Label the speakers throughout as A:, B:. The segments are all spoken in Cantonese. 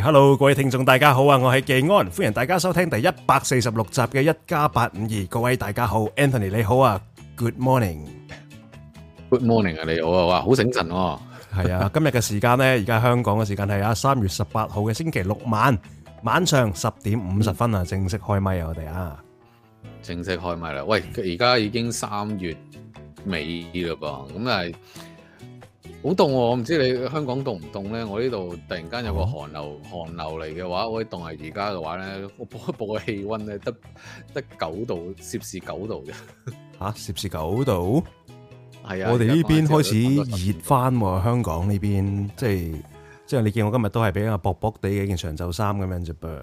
A: Hello，各位聽眾大家好啊，我係紀安，歡迎大家收聽第一百四十六集嘅一加八五二。各位大家好，Anthony 你好啊，Good morning，Good
B: morning 啊，你好啊，哇，好醒神啊。係啊，
A: 今日嘅時間呢，而家香港嘅時間係啊三月十八號嘅星期六晚，晚上十點五十分啊，正式開麥
B: 啊我哋啊，正式開麥啦。喂，而家已經三月尾啦噃，咁係。好凍喎！我唔知你香港凍唔凍咧。我呢度突然間有個寒流，寒流嚟嘅話，我啲凍係而家嘅話咧，我播一播個氣溫咧，得得九度，攝氏九度啫。嚇！攝氏九度，係啊！我哋呢邊開始
A: 熱翻喎。香港呢邊即係即係，你見我今日都係比較薄薄地嘅一件長袖衫咁樣啫噃。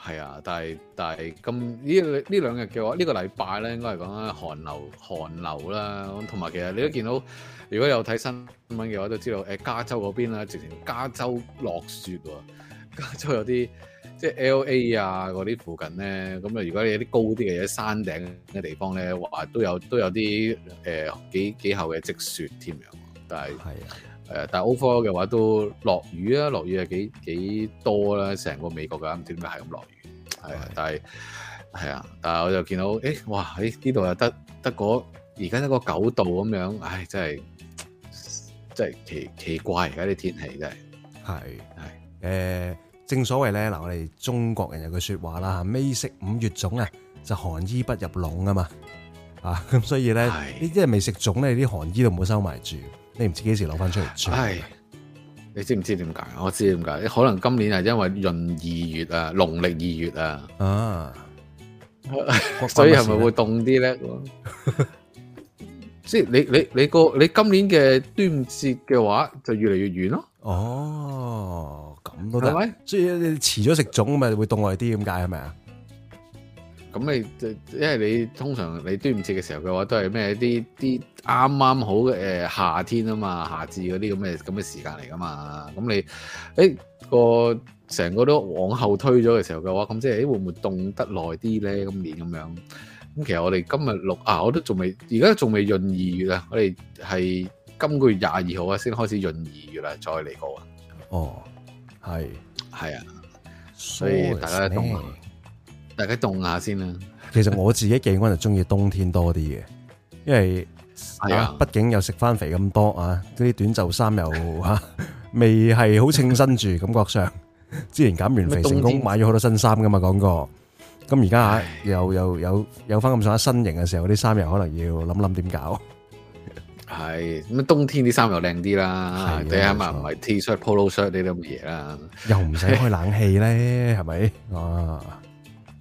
B: 係啊，但係但係，咁呢，呢兩日嘅話，呢個禮拜咧應該係講緊寒流，寒流啦，同埋其實你都見到。如果有睇新聞嘅話，都知道誒加州嗰邊啊，直情加州落雪喎。加州有啲即係 LA 啊，嗰啲附近咧，咁、呃、啊，如果你有啲高啲嘅，有山頂嘅地方咧，哇都有都有啲誒幾幾厚嘅積雪添樣。但係係啊，誒但係 overall 嘅話都落雨啊，落雨係幾幾多啦？成個美國噶，唔知點解係咁落雨。係啊，但係係啊，但係我就見到誒、欸、哇，誒呢度又得得嗰。而家一個九度咁樣，唉、哎，真係真係奇奇怪，而家啲天氣真
A: 係係係誒，正所謂咧嗱，我哋中國人有句說話啦，未食五月粽啊，就寒衣不入籠啊嘛，啊咁所以咧，呢啲未食粽咧啲寒衣都唔冇收埋住，你唔知幾時攞翻出嚟煮。係，
B: 你知唔知點解？我知點解，可能今年係因為閏二月啊，農曆二月啊，啊， 所以係咪會凍啲咧？ 即係你你你個你今年嘅端午節嘅話就越嚟越遠咯。哦，
A: 咁都得。係咪？即係你遲咗食粽咪會凍耐啲咁解係咪啊？
B: 咁你即係你通常你端午節嘅時候嘅話都係咩啲啲啱啱好嘅誒夏天啊嘛，夏至嗰啲咁嘅咁嘅時間嚟噶嘛？咁你誒、個成個都往後推咗嘅時候嘅話，咁即係會唔會凍得耐啲咧？今年咁樣？咁其實我哋今日錄啊，我都仲未，而家仲未閏二月啊。我哋係今個月廿二號啊，先開始閏二月啦，再嚟過啊。哦，係，係啊，所以大家凍下，大家凍下先啦。其實我
A: 自己幾個人就中意冬天多啲嘅，因為係啊，畢竟又食翻肥咁多啊，啲短袖衫又嚇未係好稱身住，感覺上之前減完肥成功買咗好多新衫㗎嘛，講過。咁而家啊又又有有翻咁上下身形嘅時候，啲衫又可能要諗諗點搞？
B: 係咁啊！冬天啲衫又靚啲啦，你係咪唔係 T-shirt、polo shirt 呢啲咁嘅嘢啦？又唔使開
A: 冷氣咧，係咪？
B: 啊，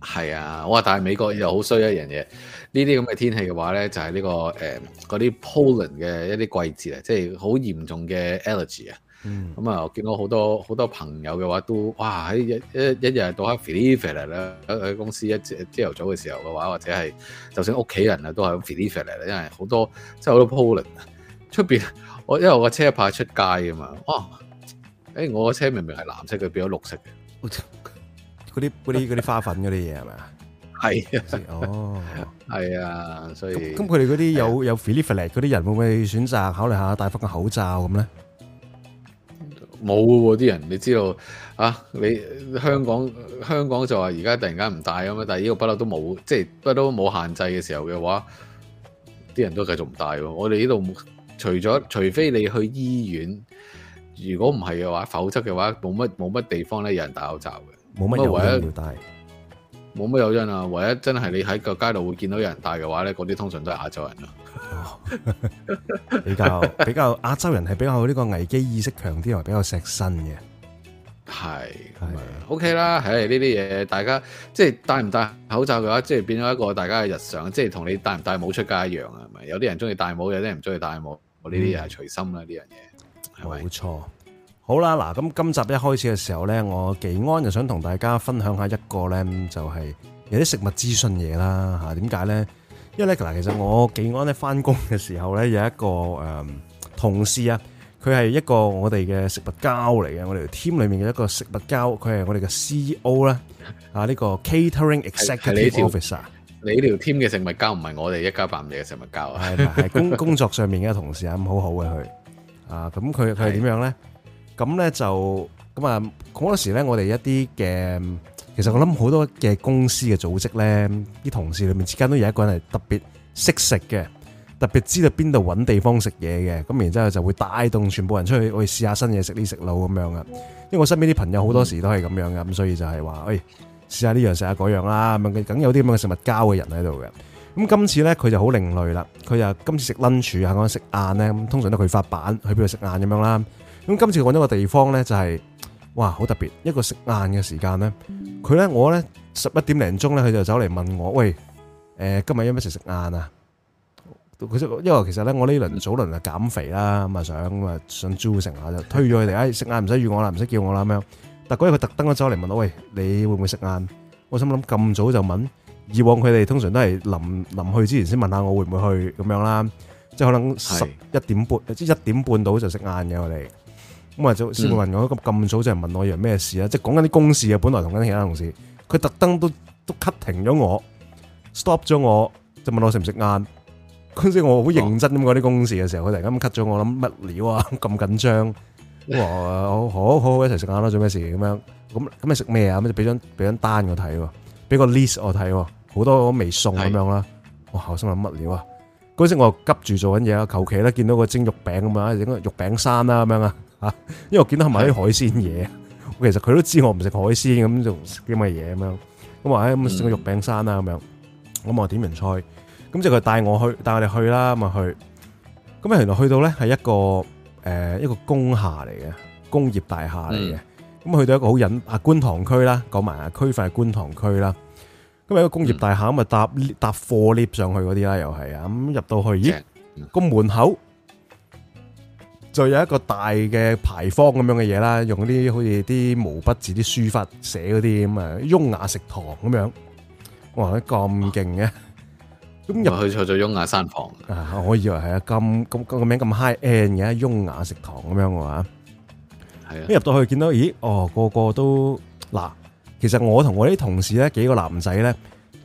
B: 係啊！我話但係美國又好衰一樣嘢，呢啲咁嘅天氣嘅話咧，就係呢個誒嗰啲 pollen 嘅一啲季節啊，即係好嚴重嘅 allergy 啊！咁、嗯、啊、嗯！我見到好多好多朋友嘅話都哇喺一一一日到黑 p h i l i 啦，喺公司一朝朝頭早嘅時候嘅話，或者係就算屋企人啊，都係 p 嚟啦，因為好多即係好多 pollen 出邊。我因為我個車派出街啊嘛，哇！欸、我個車明明係藍色佢變咗綠色嘅。啲嗰啲啲花粉嗰啲嘢係咪啊？係 哦，係啊，所以咁佢哋嗰
A: 啲有有嗰 啲人會唔會選擇考慮下戴翻個口罩咁咧？
B: 冇喎、啊，啲人你知道啊？你香港香港就話而家突然間唔戴咁嘛，但係呢個不嬲都冇，即係不嬲冇限制嘅時候嘅話，啲人都繼續唔戴喎。我哋呢度除咗除非你去醫院，如果唔係嘅話，否則嘅話冇乜冇乜地方咧，有人戴口罩嘅，冇乜人要戴。冇乜誘因啊！唯一真係你喺個街度會見到有人戴嘅話咧，嗰啲通常都係亞洲人咯。
A: 比較亞比較亞洲人係比較呢個危機意識強啲，或比較錫身嘅。
B: 係係 OK 啦，係呢啲嘢，大家即係、就是、戴唔戴口罩嘅話，即、就、係、是、變咗一個大家嘅日常，即係同你戴唔戴帽出街一樣啊，係咪？有啲人中意戴帽，有啲人唔中意戴帽，我呢啲嘢係隨心啦，呢樣嘢
A: 係咪？冇錯。好啦，嗱咁今集一開始嘅時候咧，我紀安就想同大家分享下一個咧，就係有啲食物資訊嘢啦吓。點解咧？因為咧嗱，其實我紀安咧翻工嘅時候咧，有一個誒同事啊，佢係一個我哋嘅食物膠嚟嘅，我哋 team 裏面嘅一個食物膠，佢係我哋嘅 CEO 啦。啊，呢個 Catering
B: Executive Officer。你條 team 嘅食物膠唔係我哋一家852嘅食物膠啊，係工工
A: 作上面嘅同事啊，咁好好嘅佢。啊，咁佢佢係點樣咧？咁咧就咁啊！好多時咧，我哋一啲嘅其實我諗好多嘅公司嘅組織咧，啲同事裏面之間都有一個人係特別識食嘅，特別知道邊度搵地方食嘢嘅。咁然之後就會帶動全部人出去試試，我哋試下新嘢食啲食佬咁樣啊。因為我身邊啲朋友好多時都係咁樣噶，咁所以就係話，誒、欸、試下呢樣，試下嗰樣啦。咁梗有啲咁嘅食物交嘅人喺度嘅。咁今次咧，佢就好另類啦。佢就今次食 lunch 啊，食晏咧。咁通常都佢發版去邊度食晏咁樣啦。咁今次我揾咗個地方咧，就係哇好特別，一個食晏嘅時間咧，佢咧我咧十一點零鐘咧，佢就走嚟問我，喂，誒今日要唔要食食晏啊？佢因為其實咧，我呢輪早輪啊減肥啦，咁啊想咁啊想組成下就推咗佢哋，誒食晏唔使預我啦，唔使叫我啦咁樣。但嗰日佢特登咁走嚟問我，喂，你會唔會食晏？我心諗咁早就問，以往佢哋通常都係臨臨去之前先問下我會唔會去咁樣啦，即係可能十一點半即係一點半到就食晏嘅我哋。咁啊！就司徒云講咁咁早就係問我樣咩事啊？即係講緊啲公事啊。本來同緊其他同事，佢特登都都 cut 停咗我，stop 咗我，就問我食唔食晏。嗰時我好認真咁講啲公事嘅時候，佢突然間 cut 咗我，諗乜料啊？咁緊張。我好好好好一齊食晏啦，做咩事咁樣？咁咁你食咩啊？咁就俾張俾張單我睇，俾個 list 我睇，好多都未送咁樣啦。哇！我心諗乜料啊？嗰時我急住做緊嘢啊，求其咧見到個蒸肉餅咁樣，整個肉餅山啦咁樣啊。啊，因為我見到係埋啲海鮮嘢，其實佢都知我唔食海鮮，咁就唔食啲乜嘢咁樣，咁話唉，咁食個肉餅山啦咁樣，咁話點完菜，咁就佢帶我去，帶我哋去啦，咁啊去，咁啊原來去到咧係一個誒一個工廈嚟嘅，工業大廈嚟嘅，咁去到一個好隱啊觀塘區啦，講埋啊區塊係觀塘區啦，咁係一個工業大廈，咁啊搭搭貨 lift 上去嗰啲啦，又係啊，咁入到去，咦個門口。就有一個大嘅牌坊咁樣嘅嘢啦，用啲好似啲毛筆字啲書法寫嗰啲咁啊，雍雅食堂咁樣，哇，咁勁嘅！
B: 咁入去就做雍雅山房
A: 啊，我以為係啊，咁咁個名咁 high end 嘅，雍雅食堂咁樣，係啊，一入到去見到，咦，哦，個個都嗱，其實我同我啲同事咧，幾個男仔咧，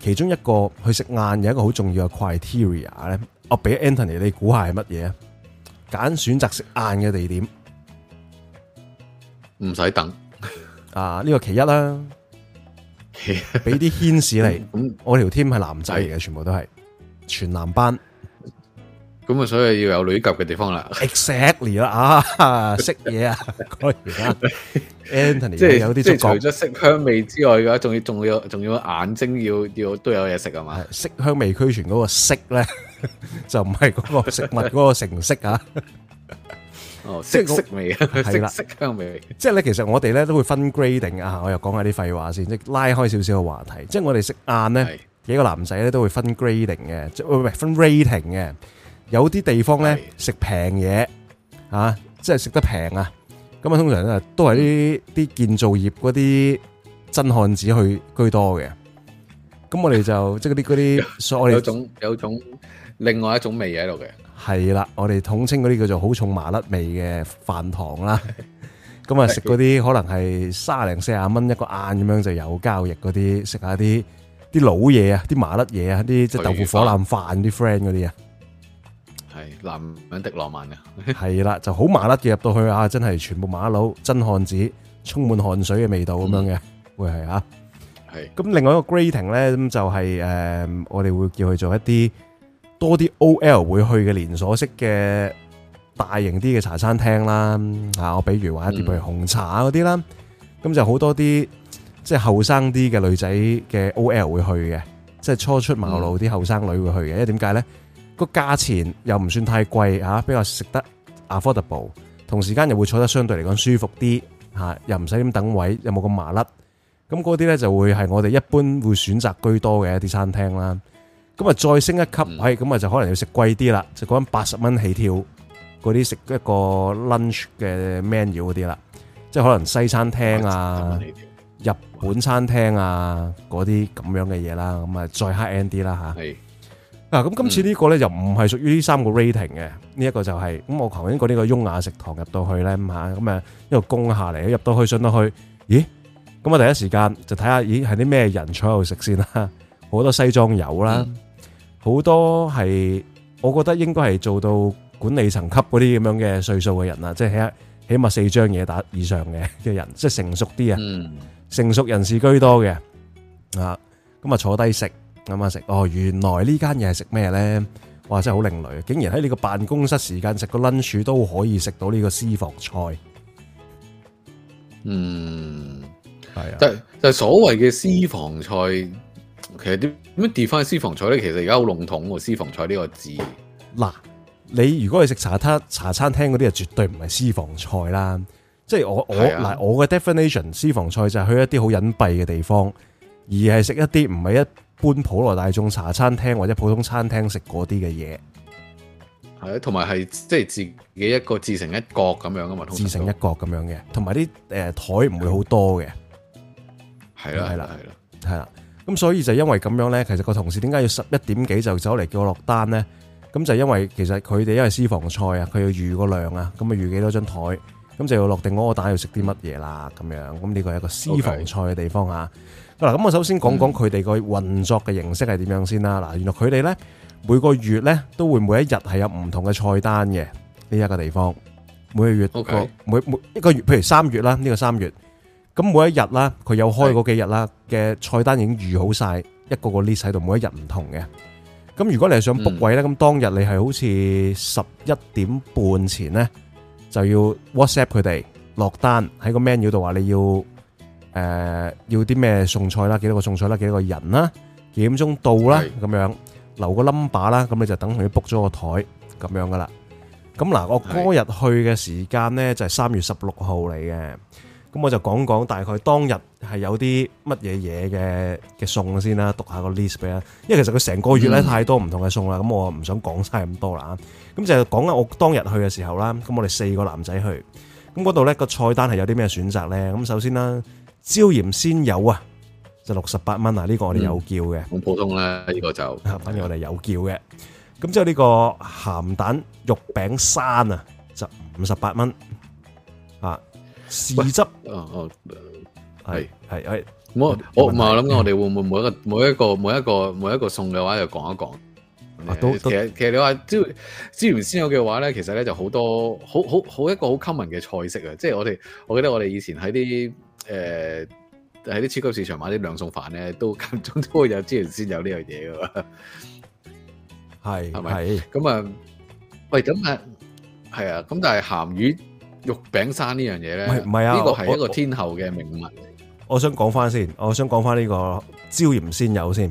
A: 其中一個去食晏有一個好重要嘅 criteria 咧，我俾 Anthony 你估下係乜嘢啊？揀選擇食晏嘅地點，唔使等啊！呢個其一啦，俾啲牽士嚟。 我條 team 係男仔嚟嘅，全部都係全男班。
B: 咁啊，所以要有女及嘅地方啦。
A: Exactly 啦，啊，色嘢啊，而家
B: Anthony 即係有啲即係除咗色香味之外嘅，仲要仲要仲要眼睛要要都有嘢食啊嘛。色
A: 香味俱全嗰個色咧，就唔係嗰個食物嗰個成色啊。哦，色色味啊，係啦，色
B: 香味。
A: 即係咧，其實我哋咧都會分 grading 啊。我又講下啲廢話先，即係拉開少少嘅話題。即係我哋食晏咧，幾個男仔咧都會分 grading 嘅，喂喂，分 rating 嘅。有啲地方咧食平嘢啊，即係食得平啊。咁啊，通常咧都係啲啲建造業嗰啲真漢子去居多嘅。咁我哋就即係嗰啲嗰啲，所以我哋有種
B: 有種另外一種味嘢喺度嘅。
A: 係啦，我哋統稱嗰啲叫做好重麻甩味嘅飯堂啦。咁啊，食嗰啲可能係三零四啊蚊一個晏咁樣就有交易嗰啲食下啲啲老嘢啊，啲麻甩嘢啊，啲即係豆腐火腩飯啲 friend 嗰啲啊。
B: 男人的浪漫
A: 嘅係啦，就好麻甩嘅，入到去啊！真係全部馬佬真漢子，充滿汗水嘅味道咁樣嘅，會係啊，係。咁另外一個 grating 咧，咁就係誒，我哋會叫佢做一啲多啲 OL 會去嘅連鎖式嘅大型啲嘅茶餐廳啦。吓，我比如話一啲譬如紅茶啊嗰啲啦，咁就好多啲即係後生啲嘅女仔嘅 OL 會去嘅，即係初出茅廬啲後生女會去嘅。因為點解咧？個價錢又唔算太貴嚇，比較食得 affordable，同時間又會坐得相對嚟講舒服啲嚇，又唔使咁等位，又冇咁麻甩，咁嗰啲呢，就會係我哋一般會選擇居多嘅一啲餐廳啦。咁啊再升一級，係咁啊就可能要食貴啲啦，就講八十蚊起跳嗰啲食一個 lunch 嘅 menu 嗰啲啦，即係可能西餐廳啊、日本餐廳啊嗰啲咁樣嘅嘢啦，咁啊再 high end 啲啦嚇。嗱、啊，咁今次呢個呢，就唔係屬於呢三個 rating 嘅，呢、這、一個就係、是、咁我頭先講呢個雍雅食堂入到去呢，咁嚇，咁啊一個工廈嚟，入到去上到去，咦？咁我第一時間就睇下，咦，係啲咩人坐喺度食先啦？好多西裝友啦，好、嗯、多係我覺得應該係做到管理層級嗰啲咁樣嘅歲數嘅人啦，即係。起起碼四張嘢打以上嘅嘅人，即係成熟啲啊，嗯、成熟人士居多嘅，啊，咁啊坐低食啱啱食哦，原來這間是什麼呢間嘢係食咩咧？哇，真係好另類，竟然喺你個辦公室時間食個 lunch 都可以食到呢個私房菜。
B: 嗯，係啊，就就所謂嘅私房菜，其實點點地方係私房菜咧？其實而家好籠統，私房菜呢個字。嗱，
A: 你如果去食茶撻、茶餐廳嗰啲，就絕對唔係私房菜啦。
B: 即、就、係、是、我我嗱，
A: 我嘅、啊、definition 私房菜就係去一啲好隱蔽嘅地方，而係食一啲唔係一。搬普羅大眾茶餐廳或者普通餐廳食嗰啲嘅嘢，
B: 係咯，同埋係即係自己一個自成一角咁樣噶嘛，自成一
A: 角咁樣嘅，同埋啲誒台唔會好多嘅。係啦，係啦，係啦，係啦，咁所以就因為咁樣咧，其實個同事點解要十一點幾就走嚟，叫我落單咧？咁就因為其實佢哋因為私房菜啊，佢要預個量啊，咁啊預幾多張台，咁就要落定嗰個單要食啲乜嘢啦，咁樣，咁呢個係一個私房菜嘅地方啊。Okay. 嗱，咁我首先講講佢哋個運作嘅形式係點樣先啦。嗱，原來佢哋咧每個月咧都會每一日係有唔同嘅菜單嘅呢一個地方。每個月，ok，每每一個月，譬如三月啦，呢個三月，咁每一日啦，佢有開嗰幾日啦嘅菜單已經預好晒，一個個 list 喺度，每一日唔同嘅。咁如果你係想 book 位咧，咁當日你係好似十一點半前咧就要 WhatsApp 佢哋落單喺個 menu 度話你要。誒，要啲咩餸菜啦？幾多個餸菜啦？幾多個人啦？幾點鐘到啦？咁樣留個 number 啦，咁你就等佢 book 咗個台咁樣噶啦。咁嗱，我嗰日去嘅時間咧就係三月十六號嚟嘅。咁我就講講大概當日係有啲乜嘢嘢嘅嘅餸先啦，讀下個 list 俾你。因為其實佢成個月咧太多唔同嘅餸啦，咁我唔想講晒咁多啦。咁就係講緊我當日去嘅時候啦。咁我哋四個男仔去，咁嗰度咧個菜單係有啲咩選擇咧？咁首先啦。椒鹽鮮魷啊，就六十八蚊啊！呢、這個我哋有叫嘅，好、嗯、普通啦，呢、這個就，反正我哋有叫嘅。咁之後呢個鹹蛋肉餅山啊，就五十八蚊啊，豉汁哦
B: 哦，係係係。我我唔係諗緊我哋會唔會每一個、嗯、每一個每一個每一個餸嘅話就講一講、
A: 啊。都都其實
B: 其實你話椒椒鮮的話椒椒鹽鮮魷嘅話咧，其實咧就很多好多好好好一個好 common 嘅菜式啊！即、就、係、是、我哋，我記得我哋以前喺啲。誒喺啲超級市場買啲兩餸飯咧，都間中都會有，椒鹽鮮有呢樣嘢嘅喎。係係咪？咁啊，喂，咁啊，係啊。咁但係鹹魚肉餅山呢樣嘢咧，唔係唔係啊，呢個係一個天后嘅名物。
A: 我想講翻先，我想講翻呢個椒鹽鮮有先。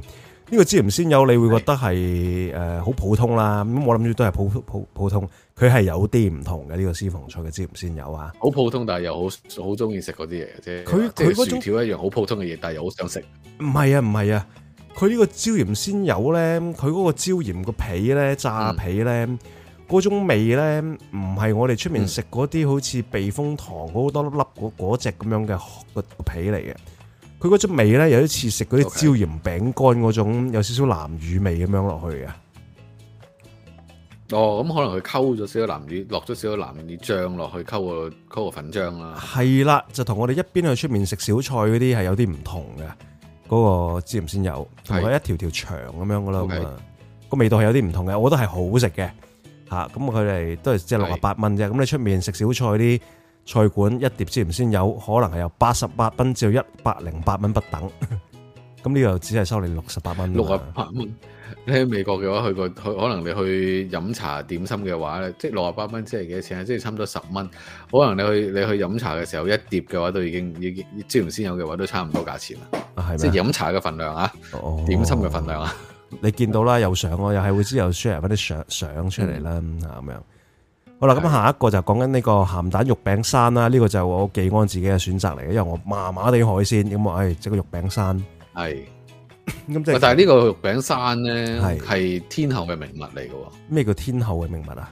A: 呢、這個椒鹽鮮魷你會覺得係誒好普通啦咁，我諗住都係普普普，普通，佢係有啲唔同嘅呢、這個私房菜嘅椒鹽鮮魷啊，
B: 好普通，但係又好好中意食嗰啲嘢嘅啫。佢佢薯條一樣好普通嘅嘢，但係又好想食。
A: 唔係啊，唔係啊，佢呢，呢、嗯呢嗯那個椒鹽鮮魷咧，佢、那、嗰個椒鹽、那個皮咧炸皮咧，嗰種味咧，唔係我哋出面食嗰啲好似避風塘好多粒粒嗰嗰隻咁樣嘅個皮嚟嘅。佢嗰種味咧，有啲似食嗰啲椒鹽餅乾嗰種，okay。有少少南乳味咁樣落去嘅。
B: 哦、oh，嗯，咁可能佢溝咗少少南乳，落咗少少南乳醬落去，溝個溝個粉漿啦。
A: 係啦，就同我哋一邊去出面食小菜嗰啲係有啲唔同嘅。嗰、那個椒鹽鮮油同埋一條條長咁樣噶啦，個、okay。味道係有啲唔同嘅。我覺得係好食嘅。吓，咁佢哋都係即係六啊八蚊咋。咁你出面食小菜啲。菜館一碟之前先有可能係由八十八蚊至到一百零八蚊不等，咁呢個只係收你六
B: 十八蚊，六十八蚊。你喺美國嘅話，去過去可能你去飲茶點心嘅話咧，即係六十八蚊即係幾多錢啊？即係差唔多十蚊。可能你去你去飲茶嘅時候，一碟嘅話都已經已經之前先有嘅話都差唔多價錢啦。係即係飲茶嘅份量啊，哦、點心嘅份量啊。
A: 你見到啦，有上咯，又係會之後 share 啲相相出嚟啦，咁、嗯、樣。好啦，咁下一個就講緊呢個鹹蛋肉餅山啦，呢、這個就是我記安自己嘅選擇嚟嘅，因為我麻麻地海鮮，咁啊，誒、哎，即、這個肉餅山係，
B: 咁即、 就是、但係呢個肉餅山咧係天后嘅名物嚟嘅，
A: 咩叫天后嘅名物啊？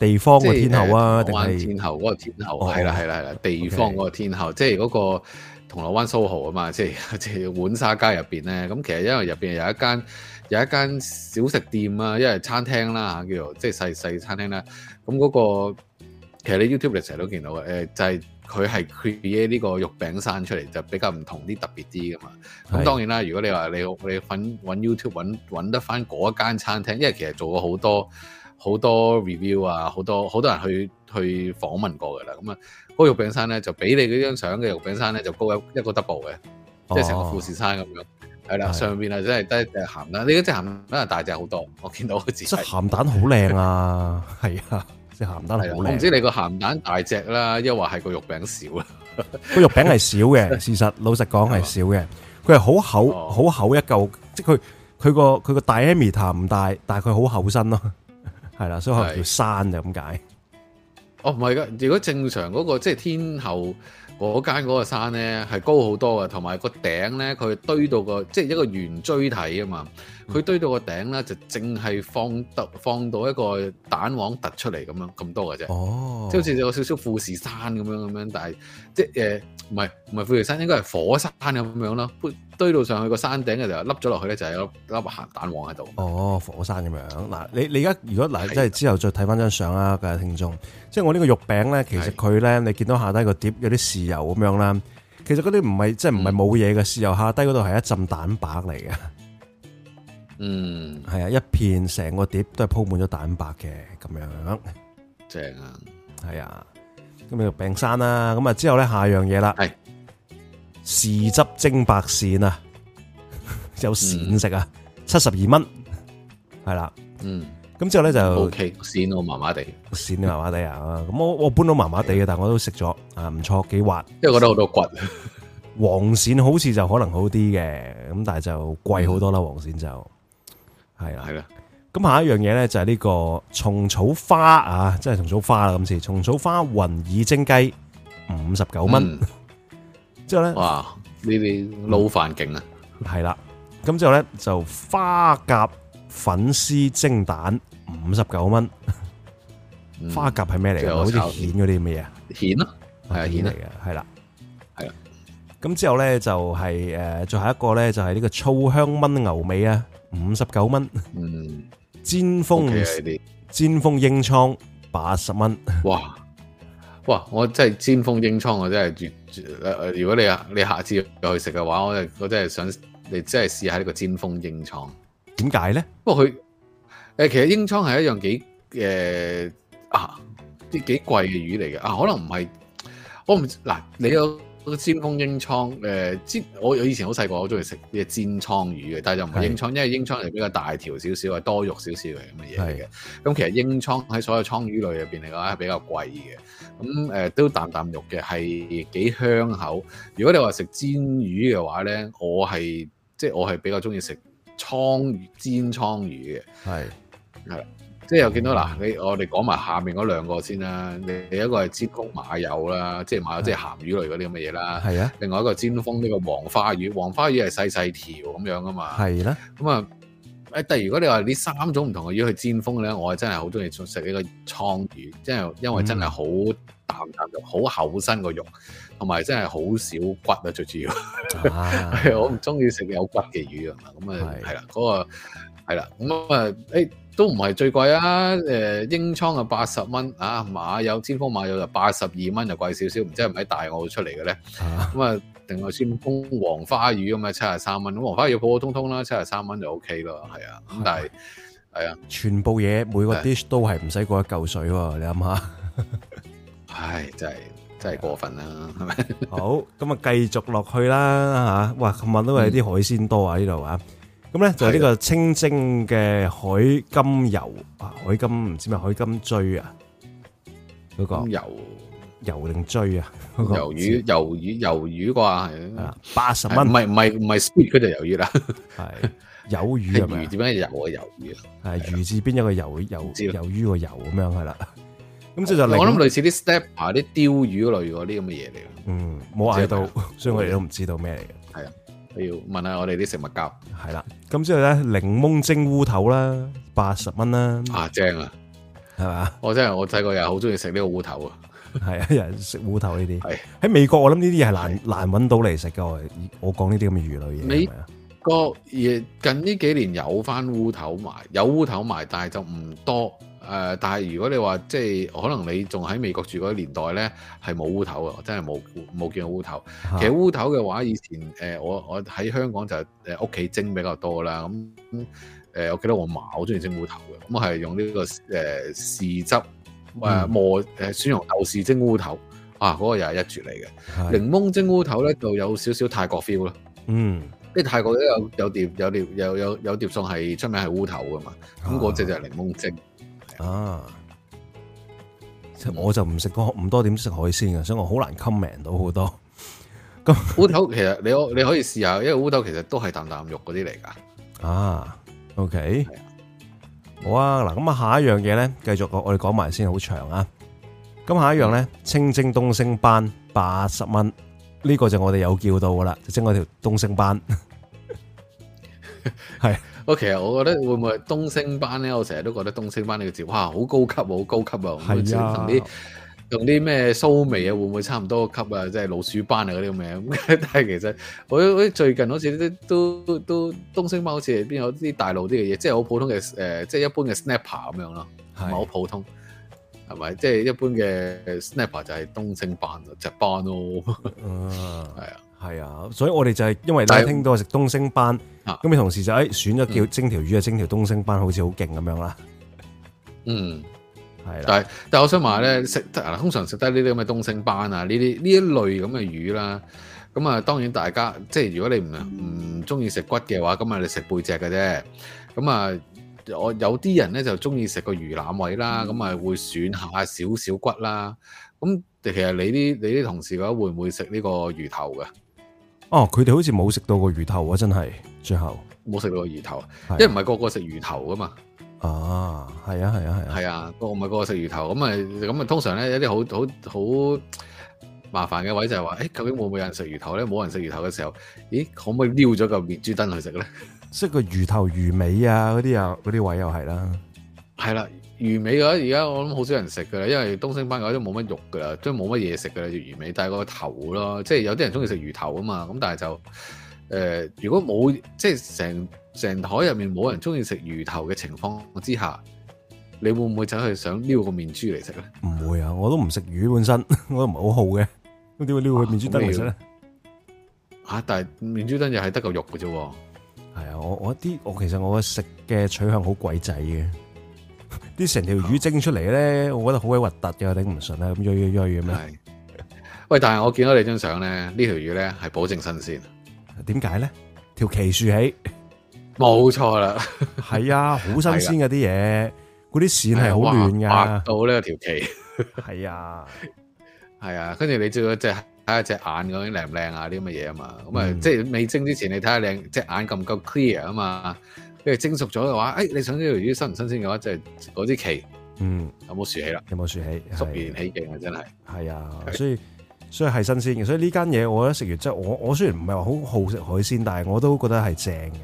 A: 地方嘅天后啊，銅鑼灣天
B: 后嗰個天后係啦係啦係啦，地方嗰個天后，okay. 即係嗰、那個銅鑼灣蘇豪啊嘛，即係即係碗沙街入邊咧，咁其實因為入邊有一間有一間小食店啊，一係餐廳啦吓，叫做即係細細餐廳啦。咁嗰、嗰個其實你 YouTube 成日都見到嘅、呃，就係佢係 create 呢個肉餅山出嚟，就比較唔同啲特別啲噶嘛。咁當然啦，如果你話你你揾 YouTube 揾得翻嗰間餐廳，因為其實做過好多好多 review 啊，好多好多人去去訪問過噶啦。咁啊，個肉餅山咧就比你嗰張相嘅肉餅山咧就高一一個 double 嘅，即係成個富士山咁樣。哦。係啦，上面啊真係得隻鹹蛋，呢隻鹹蛋係大隻好多，我見到佢
A: 自己。鹹蛋好靚啊，係 啊，隻鹹蛋係好靚，我唔
B: 知你個鹹蛋大隻啦，抑或係個肉餅少啦。個肉餅係
A: 少嘅， 事實老實講係少嘅。佢係好厚，好厚一嚿、哦，即係佢佢個佢個大 diameter 唔大，但係佢好厚身咯，係 啦，所以條
B: 山就咁解。哦，唔係噶，如果正常嗰、嗰個即係天后嗰間嗰個山咧，係高好多噶，同埋個頂咧，佢堆到個即係一個圓錐體啊嘛，佢堆到個頂咧就淨係放突放到一個蛋黃突出嚟咁樣咁多嘅啫，哦，即係好似有少少富士山咁樣咁樣，但係即係誒唔係唔係富士山，應該係火山咁樣啦。堆到上去個山頂嘅時候，凹咗落去咧，就係有粒鹹蛋黃喺度。
A: 哦，火山咁樣。嗱，你你而家如果嗱，即係之後再睇翻張相啦，各位聽眾。即係我呢個肉餅咧，其實佢咧，你見到下低個碟有啲豉油咁樣啦。其實嗰啲唔係，即係唔係冇嘢嘅。豉油下低嗰度係一浸蛋白嚟嘅。
B: 嗯，
A: 係啊、嗯，一片成個碟都係鋪滿咗蛋白嘅，
B: 咁樣。正啊，
A: 係啊，咁咪肉餅山啦。咁啊之後咧，下樣嘢啦。豉汁蒸白鱔啊，有鱔食啊，七十二蚊，係啦，嗯，咁之後咧就，ok
B: 鱔的我麻麻地，
A: 鱔你麻麻地啊，咁我我搬到麻麻地嘅，但係我都食咗，啊唔錯，幾滑，因為覺得好多骨，黃鱔好似就可能好啲嘅，咁但係就貴好多啦，嗯、黃鱔就係的、嗯、啊，係啦，咁下一樣嘢咧就係呢個蟲草花啊，即係蟲草花啦，今次蟲草花雲耳蒸雞五十九蚊。
B: 之後咧，哇！呢啲老飯勁啊，
A: 係、嗯、啦。咁之後咧就花甲粉絲蒸蛋五十九蚊，
B: 花甲係咩嚟嘅？好似蜆嗰啲咁嘅嘢？蜆啊，係蜆嚟嘅，係啦，係
A: 啦。咁之後咧就係誒，最後一個咧就係呢個醋香炆牛尾啊，五十九蚊。嗯，煎封煎封鷹倉八十蚊，嗯嗯鵝鵝。哇！
B: 哇！我真係尖峰鷹滄，我真係絕絕。誒，如果你啊，你下次又去食嘅話，我真我真係想你真係試下呢個尖峰鷹滄。點解咧？不過佢誒，其實鷹滄係一樣幾誒、呃、啊啲幾貴嘅魚嚟嘅啊，可能唔係我唔嗱你有個尖峰鷹滄誒，尖、呃、我以前好細個，我中意食啲尖滄魚嘅，但係就唔係鷹滄，因為鷹滄係比較大條少少，係多肉少少嘅咁嘅嘢嘅。咁其實鷹滄喺所有滄魚類入邊嚟講係比較貴嘅。咁、嗯呃、都啖啖肉嘅，係幾香口。如果你話食煎魚嘅話咧，我係即我係比較中意食倉魚煎倉魚嘅，係係啦。即係又見到嗱、嗯，你我哋講埋下面嗰兩個先啦。你一個係煎焗馬友啦，即係馬友即鹹魚類嗰啲咁嘅嘢啦。係啊，另外一個煎封呢、這個黃花魚，黃花魚係細細條咁樣啊嘛。係啦，咁、嗯、啊。誒，但係如果你話呢三種唔同嘅魚去煎封咧，我係真係好中意食呢個倉魚，即係因為真係好啖啖肉，好厚身個肉，同埋真係好少骨啊！最主要、 啊、我唔中意食有骨嘅魚啊嘛。咁啊係啦，嗰、嗰個係啦，咁啊誒都唔係最貴啊。誒，英倉啊八十蚊啊，馬友煎封馬友就八十二蚊，就貴少少。唔知係咪大澳出嚟嘅咧？咁啊。定係鮮豐黃花魚啊嘛，七十三蚊，咁黃花魚普普通通啦，七十三蚊就 O K 咯，係啊，咁但係
A: 係啊，全部嘢每個 dish 都係唔使過一嚿水，你諗下，唉，真
B: 係真係過分啦，係
A: 咪？好，咁啊，繼續落去啦吓，哇，琴晚都係啲海鮮多啊呢度啊，咁咧就係呢個清蒸嘅海金油啊，海金唔知咩海金錐啊，嗰個。魷定追啊？魷魚、
B: 魷魚、魷魚啩，係啊，八十蚊。唔係唔係唔係 speed，佢就魷魚啦。係
A: 魷魚係咪？點樣
B: 魷啊？魷魚啊？係魚字邊一個魷，魷，魷魚個魷
A: 咁樣係啦。咁之後就我諗類似
B: 啲 step 啊，啲釣魚類嗰啲咁嘅嘢嚟。嗯，
A: 冇喺度，
B: 所以我哋都唔知道咩嚟。係啊，我要問下我哋啲食物教。係啦，
A: 咁之後咧檸檬蒸烏頭啦，八十蚊啦。
B: 啊，正啊，係嘛？我真係我細個又係好中意食呢個烏頭啊！係 啊，食烏頭呢啲，
A: 喺美國我諗呢啲嘢係難難揾到嚟食噶。我我講呢啲咁嘅魚類嘢。
B: 美國近呢幾年有翻烏頭埋？有烏頭埋，但係就唔多。誒、呃，但係如果你話即係可能你仲喺美國住嗰年代咧，係冇烏頭嘅，真係冇冇見烏頭。啊、其實烏頭嘅話，以前誒、呃、我我喺香港就誒屋企蒸比較多啦。咁、嗯、誒、呃，我記得我嫲好中意蒸烏頭嘅。咁係用呢、這個誒豉、呃、汁。誒、嗯、磨誒，蒜蓉豆豉蒸烏頭啊，嗰、那個又係一絕嚟嘅。檸檬蒸烏頭咧，就有少少泰國 feel 咯。嗯，啲泰國都有有碟有碟有有有，有碟餸係出名係烏頭噶嘛，咁嗰隻就係檸檬蒸。啊，
A: 其實我就唔食過唔多點食海鮮嘅，所以我好、嗯、難 comment 到好多。
B: 咁 烏頭其實你你可以試下，因為烏頭其實都係啖啖肉嗰啲嚟噶。
A: 啊，OK。好啊嗱，咁啊下一樣嘢咧，繼續我我哋講埋先，好長啊。咁下一樣咧，清蒸東星斑八十蚊，呢、這個就我哋有叫到噶啦，就蒸我條東星斑。
B: 係 ，ok 其實我覺得會唔會東星斑咧？我成日都覺得東星斑呢個字，哇，好高級，好高級啊！係啊。同啲咩蘇眉啊，會唔會差唔多級啊？即係老鼠斑啊，嗰啲咁嘅。但係其實我最近好似啲都都東星斑，好似邊有啲大陸啲嘅嘢，即係好普通嘅誒，即係一般嘅 snapper 咁樣咯，唔係好普通係咪？即係一般嘅 snapper 就係東星斑咯，隻斑咯。係啊，係啊，所以我哋就係因為大家聽到
A: 我食東星斑，咁啲、啊、同事就誒、哎、選咗叫蒸條魚啊、嗯，蒸條東星斑好似好勁咁樣啦。
B: 嗯。係，但係但係，我想話咧食得通常食得呢啲咁嘅東星斑啊，呢啲呢一類咁嘅魚啦。咁啊，當然大家即係如果你唔唔中意食骨嘅話，咁啊你食背脊嘅啫。咁啊，我有啲人咧就中意食個魚腩位啦，咁啊會選下少少骨啦。咁其實你啲你啲同事嘅話會唔會食呢個魚頭㗎？哦，
A: 佢哋好似冇食到個魚頭啊！真係最後
B: 冇食到個魚頭，因為唔係個個食魚頭噶嘛。啊，係啊，係啊，係啊，係啊，我唔係個食魚頭咁啊，咁啊，通常咧有啲好好好麻煩嘅位就係話，誒，究竟會唔會有人食魚頭咧？冇人食魚頭嘅時候，咦，可唔可以撩咗嚿面珠墩去食咧？
A: 即係個魚頭魚尾啊，嗰啲啊，嗰啲位又係啦，
B: 係啦，魚尾嘅話，而家我諗好少人食噶啦，因為東星斑嗰啲冇乜肉噶啦，都冇乜嘢食噶啦，魚尾，但係個頭咯，即係有啲人中意食魚頭啊嘛，咁但係就。誒、呃，如果冇即係成成台入面冇人中意食魚頭嘅情況之下，你會唔會走去想撩個面珠嚟食咧？
A: 唔會啊，我都唔食魚本身，我都唔係好好嘅，咁點會撩個面珠墩嚟食咧？
B: 吓、啊啊，但係面珠墩又係得嚿肉嘅啫，啊。係啊，我
A: 我啲我其實我食嘅取向好鬼仔嘅，啲成條魚蒸出嚟咧，啊，我覺得好鬼核突嘅，頂唔順啊。咁越越越咁係，
B: 喂，但係我見到你張相咧，呢條魚咧係保證新鮮。
A: 點解咧？條鰭，豎起，
B: 冇錯啦，係啊，好新鮮
A: 嘅啲嘢，嗰啲線係好亂噶，
B: 到呢條鰭，係啊，係 啊，跟住你最嗰隻睇下隻眼究竟靚唔靚啊啲咁嘅嘢啊嘛，咁啊即係未蒸之前你睇下靚，隻眼夠唔夠 clear 啊嘛，因為蒸熟咗嘅話，誒、哎，你想呢條魚新唔新鮮嘅話，即係嗰啲鰭。嗯，有冇豎起啦？有冇豎起？熟年起勁啊，真係，係啊，所
A: 以。所以係新鮮，所以呢間嘢我覺得食完之後我我雖然唔係話好好食海鮮，但係我都覺得係正嘅，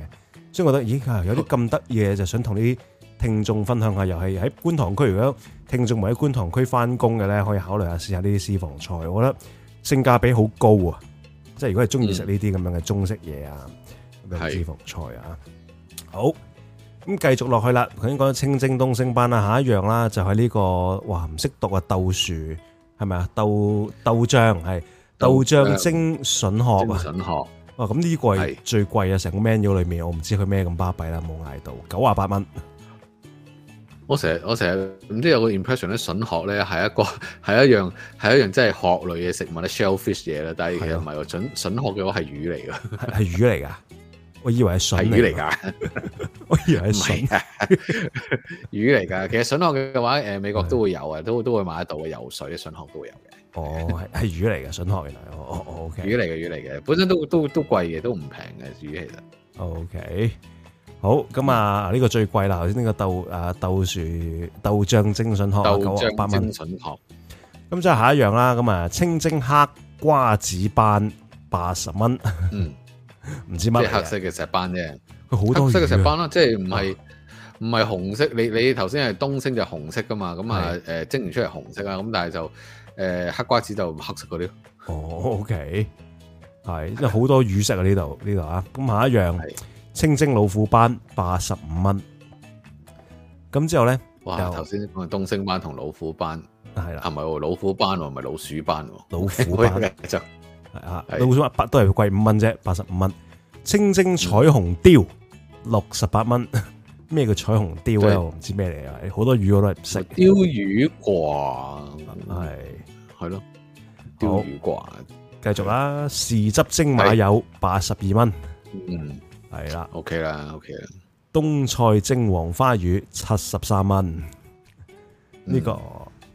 A: 所以我覺得咦有啲咁得意嘅，就想同啲聽眾分享下。又係喺觀塘區，如果聽眾唔喺觀塘區翻工嘅咧，可以考慮下試下呢啲私房菜，我覺得性價比好高啊！即係如果係中意食呢啲咁樣嘅中式嘢啊，咁、嗯、嘅私房菜啊，好咁繼續落去啦。頭先講清蒸東星斑啦，下一樣啦就係呢個哇唔識讀啊豆薯。係咪啊？豆豆醬係豆醬蒸筍殼啊！哇，咁、哦、呢個係最貴啊！成個 menu 裏面我唔知佢咩
B: 咁巴閉啦，冇嗌,到九啊八蚊。我成日我成日唔知有個 impression 咧，筍殼咧係一個係一樣係一樣即係殼類嘅食物咧，shellfish 嘢啦，但係其實唔係喎，筍筍殼嘅話係魚嚟噶，係魚嚟噶。
A: 我以為係水魚嚟
B: 㗎， 我以為係水啊魚嚟㗎。其實筍殼嘅話，誒、呃、美國都會有啊，都都會買得到嘅游水嘅筍殼都會有嘅。哦，係係魚嚟嘅筍殼，原來。 哦 k、okay、魚嚟嘅魚嚟嘅，本身都都都貴嘅，都唔平嘅魚其實。O、okay、
A: K，好咁啊，呢個最貴啦。頭先呢個豆啊豆薯豆醬蒸筍殼九十八蚊筍殼。咁再下一樣啦，咁啊清蒸黑瓜子斑八十蚊。嗯。唔知乜即係黑色
B: 嘅石斑啫，佢好多色嘅石斑啦、啊，即係唔係唔係紅色。你你頭先係東星就紅色噶嘛，咁啊誒蒸唔出嚟紅色啊，咁但係就誒黑瓜子就黑色嗰啲。哦，OK，
A: 係即係好多乳色啊呢度呢度啊。咁、啊、下一樣清蒸老虎斑八十五蚊。咁之後咧，
B: 哇頭先講嘅東星斑同老虎斑係啦，係咪老虎斑唔係老鼠斑？老虎斑就。
A: 係啊，老少八都係貴五蚊啫，八十五蚊。清蒸彩虹鯛六十八蚊，咩叫彩虹鯛啊、就是？我唔知咩嚟啊，好多魚我都係唔識。鯛魚
B: 啩，係係咯，鯛魚啩，
A: 繼續啦。豉汁蒸馬友八十二蚊，
B: 嗯係啦，OK 啦
A: ，OK 啦。冬菜蒸黃花魚七十三蚊，呢、這個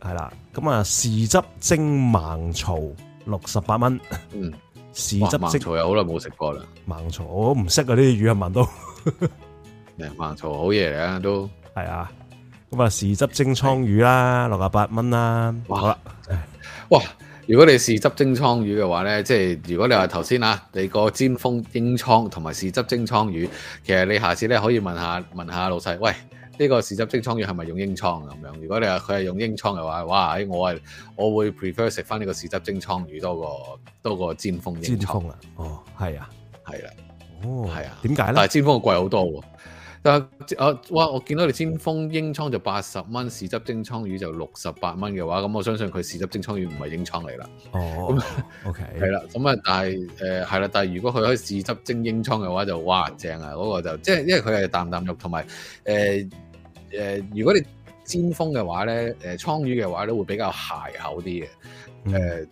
A: 係啦。咁、嗯、啊，豉汁蒸盲草，六十八蚊，嗯，
B: 豉汁蒸盲草又好耐冇食過啦。
A: 盲草我唔識嗰啲魚啊，盲到，
B: 誒，盲 草好嘢嚟啊都係啊，
A: 咁啊，豉汁蒸倉魚啦，六十八蚊啦，好啦，
B: 哇，如果你豉汁蒸倉魚嘅話咧，即係如果你話頭先啊，你個尖峰蒸倉同埋豉汁蒸倉魚，其實你下次咧可以問下問下老細，喂。呢、這個豉汁蒸倉魚係咪用鷹倉咁樣？如果你話佢係用鷹倉嘅話，哇！我係我會 prefer 食翻呢個豉汁蒸倉魚多過多過尖峰鷹倉啦。哦，係啊，係啦，啊，哦，係啊，點解咧？但係尖峰嘅貴好多喎，啊。但係我哇，我見到你尖峰鷹倉就八十蚊，豉汁蒸倉魚就六十八蚊嘅話，咁我相信佢豉汁蒸倉魚唔係鷹倉嚟啦。哦，咁，嗯、OK，係啦。咁啊，但係誒係啦。但係如果佢可以豉汁蒸鷹倉嘅話，就哇正啊！嗰，那個就即係因為佢係啖啖肉同埋誒。誒、嗯，如果你煎封嘅話咧，誒，倉魚嘅話咧會比較鞋口啲嘅，誒，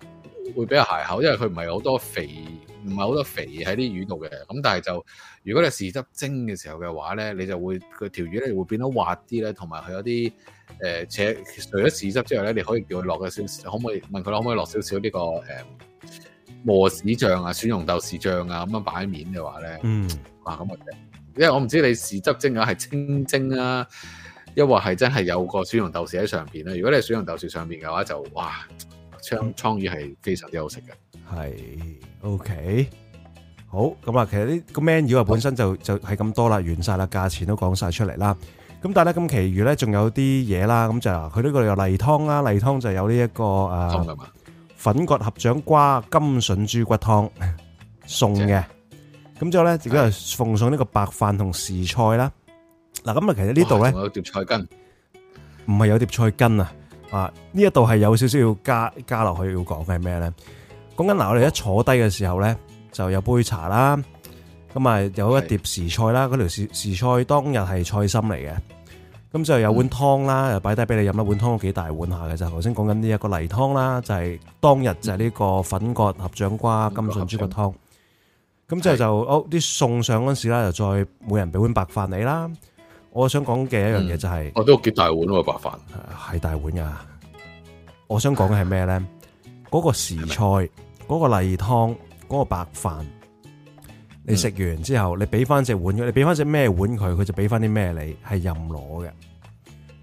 B: 會比較鞋口，因為佢唔係好多肥，唔係好多肥喺啲魚度嘅。咁但係就如果你豉汁蒸嘅時候嘅話咧，你就會個條魚咧會變得滑啲咧，同埋佢有啲誒且除咗豉汁之外咧，你可以叫佢落嘅少，可唔可以問佢可唔可以落少少呢個誒、嗯、磨豉醬啊、蒜蓉豆豉醬啊咁樣擺面嘅話咧，嗯，啊咁啊、就是，因為我唔知你豉汁蒸啊係清蒸啊。一話係真係有個蒜蓉豆豉喺上邊咧，如果你係蒜蓉豆豉上邊嘅話，就哇，倉魚係非常之好食嘅。係
A: ，OK，好，咁啊，其實呢個 menu 啊本身就就係咁多啦，完晒啦，價錢都講晒出嚟啦。咁但係咧，咁其餘咧仲有啲嘢啦，咁就佢呢個有例湯啦，例湯就有呢一個誒粉葛合掌瓜甘筍豬骨湯送嘅，咁之後咧自己又奉送呢個白飯同時菜啦。嗱，咁啊，其實呢度咧，唔係有碟菜根啊，啊，呢一度係有少少要加加落去要講嘅係咩咧？講緊嗱，我哋一坐低嘅時候咧，就有杯茶啦，咁啊有一碟時菜啦，嗰條時時菜當日係菜心嚟嘅，咁之後有碗湯啦，又擺低俾你飲啦，碗湯都幾大碗下嘅，就頭先講緊呢一個例湯啦，就係當日就係呢個粉葛合掌瓜金筍豬骨湯，咁之後就好啲送上嗰時啦，又再每人俾碗白飯你啦。我想講嘅一樣嘢就係、是，嗯，我都幾大碗個白飯，係大碗噶。我想講嘅係咩咧？嗰、嗯那個時菜，嗰、那個例湯，嗰、那個白飯、嗯，你食完之後，你俾翻隻碗你俾翻隻咩碗佢，佢就俾翻啲咩你，係任攞嘅。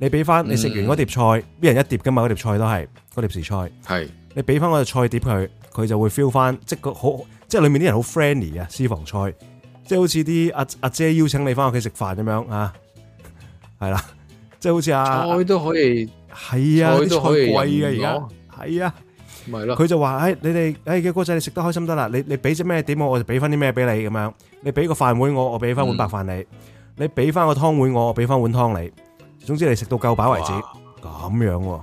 A: 你俾翻，你食完嗰碟菜，一、嗯、人一碟噶嘛，嗰碟菜都係嗰碟時菜，係。你俾翻嗰隻菜碟佢，佢就會 feel 翻，即、就、好、是，即、就、係、是、裏面啲人好 friendly 啊。私房菜，即、就、係、是、好似啲阿阿姐邀請你翻屋企食飯咁樣啊。係啦，即係好似啊，菜都可以，係啊，啲菜貴啊而家，係啊，咪咯，佢就話，哎，你哋，哎嘅哥仔，你食得開心得啦，你你俾隻咩點我，我就俾翻啲咩俾你咁樣，你俾個飯碗我，我俾翻碗白飯你，你俾翻個湯碗我，我俾翻碗湯你，總之你食到夠飽為止，咁樣，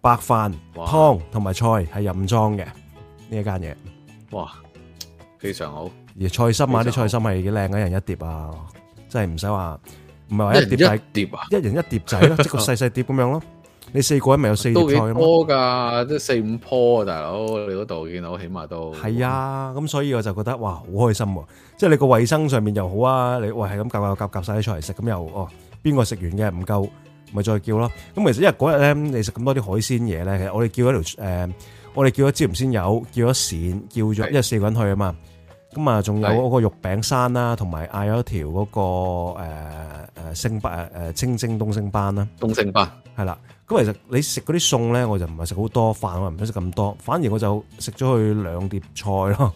A: 白飯、湯同埋菜係任裝嘅呢一間嘢，
B: 哇，非常好，而菜心啊啲菜
A: 心係幾靚嘅，一人一碟啊，真係唔使話。唔係話一碟大碟啊，一人一碟仔咯，即個細細碟咁樣咯。你四個人咪有四碟菜。多
B: 㗎，都四五棵啊，大佬，你嗰度見到起碼都。係啊，咁所以我就覺得哇，好
A: 開心喎！即係你個衞生上面又好啊，你喂係咁夾夾夾曬啲菜嚟食，咁又哦，邊個食完嘅唔夠，咪再叫咯。咁其實因為嗰日咧，你食咁多啲海鮮嘢咧，其實我哋叫咗條誒，我哋叫咗椒鹽鮮魷，叫咗扇，叫咗因為四個人去啊嘛。咁啊，仲有嗰個肉餅山啦，同埋嗌咗一條嗰個誒誒星斑誒誒清蒸東星斑啦。東星斑係啦，咁其實你食嗰啲餸咧，我就唔係食好多飯，我唔想食咁多，反而我就食咗佢兩碟菜咯。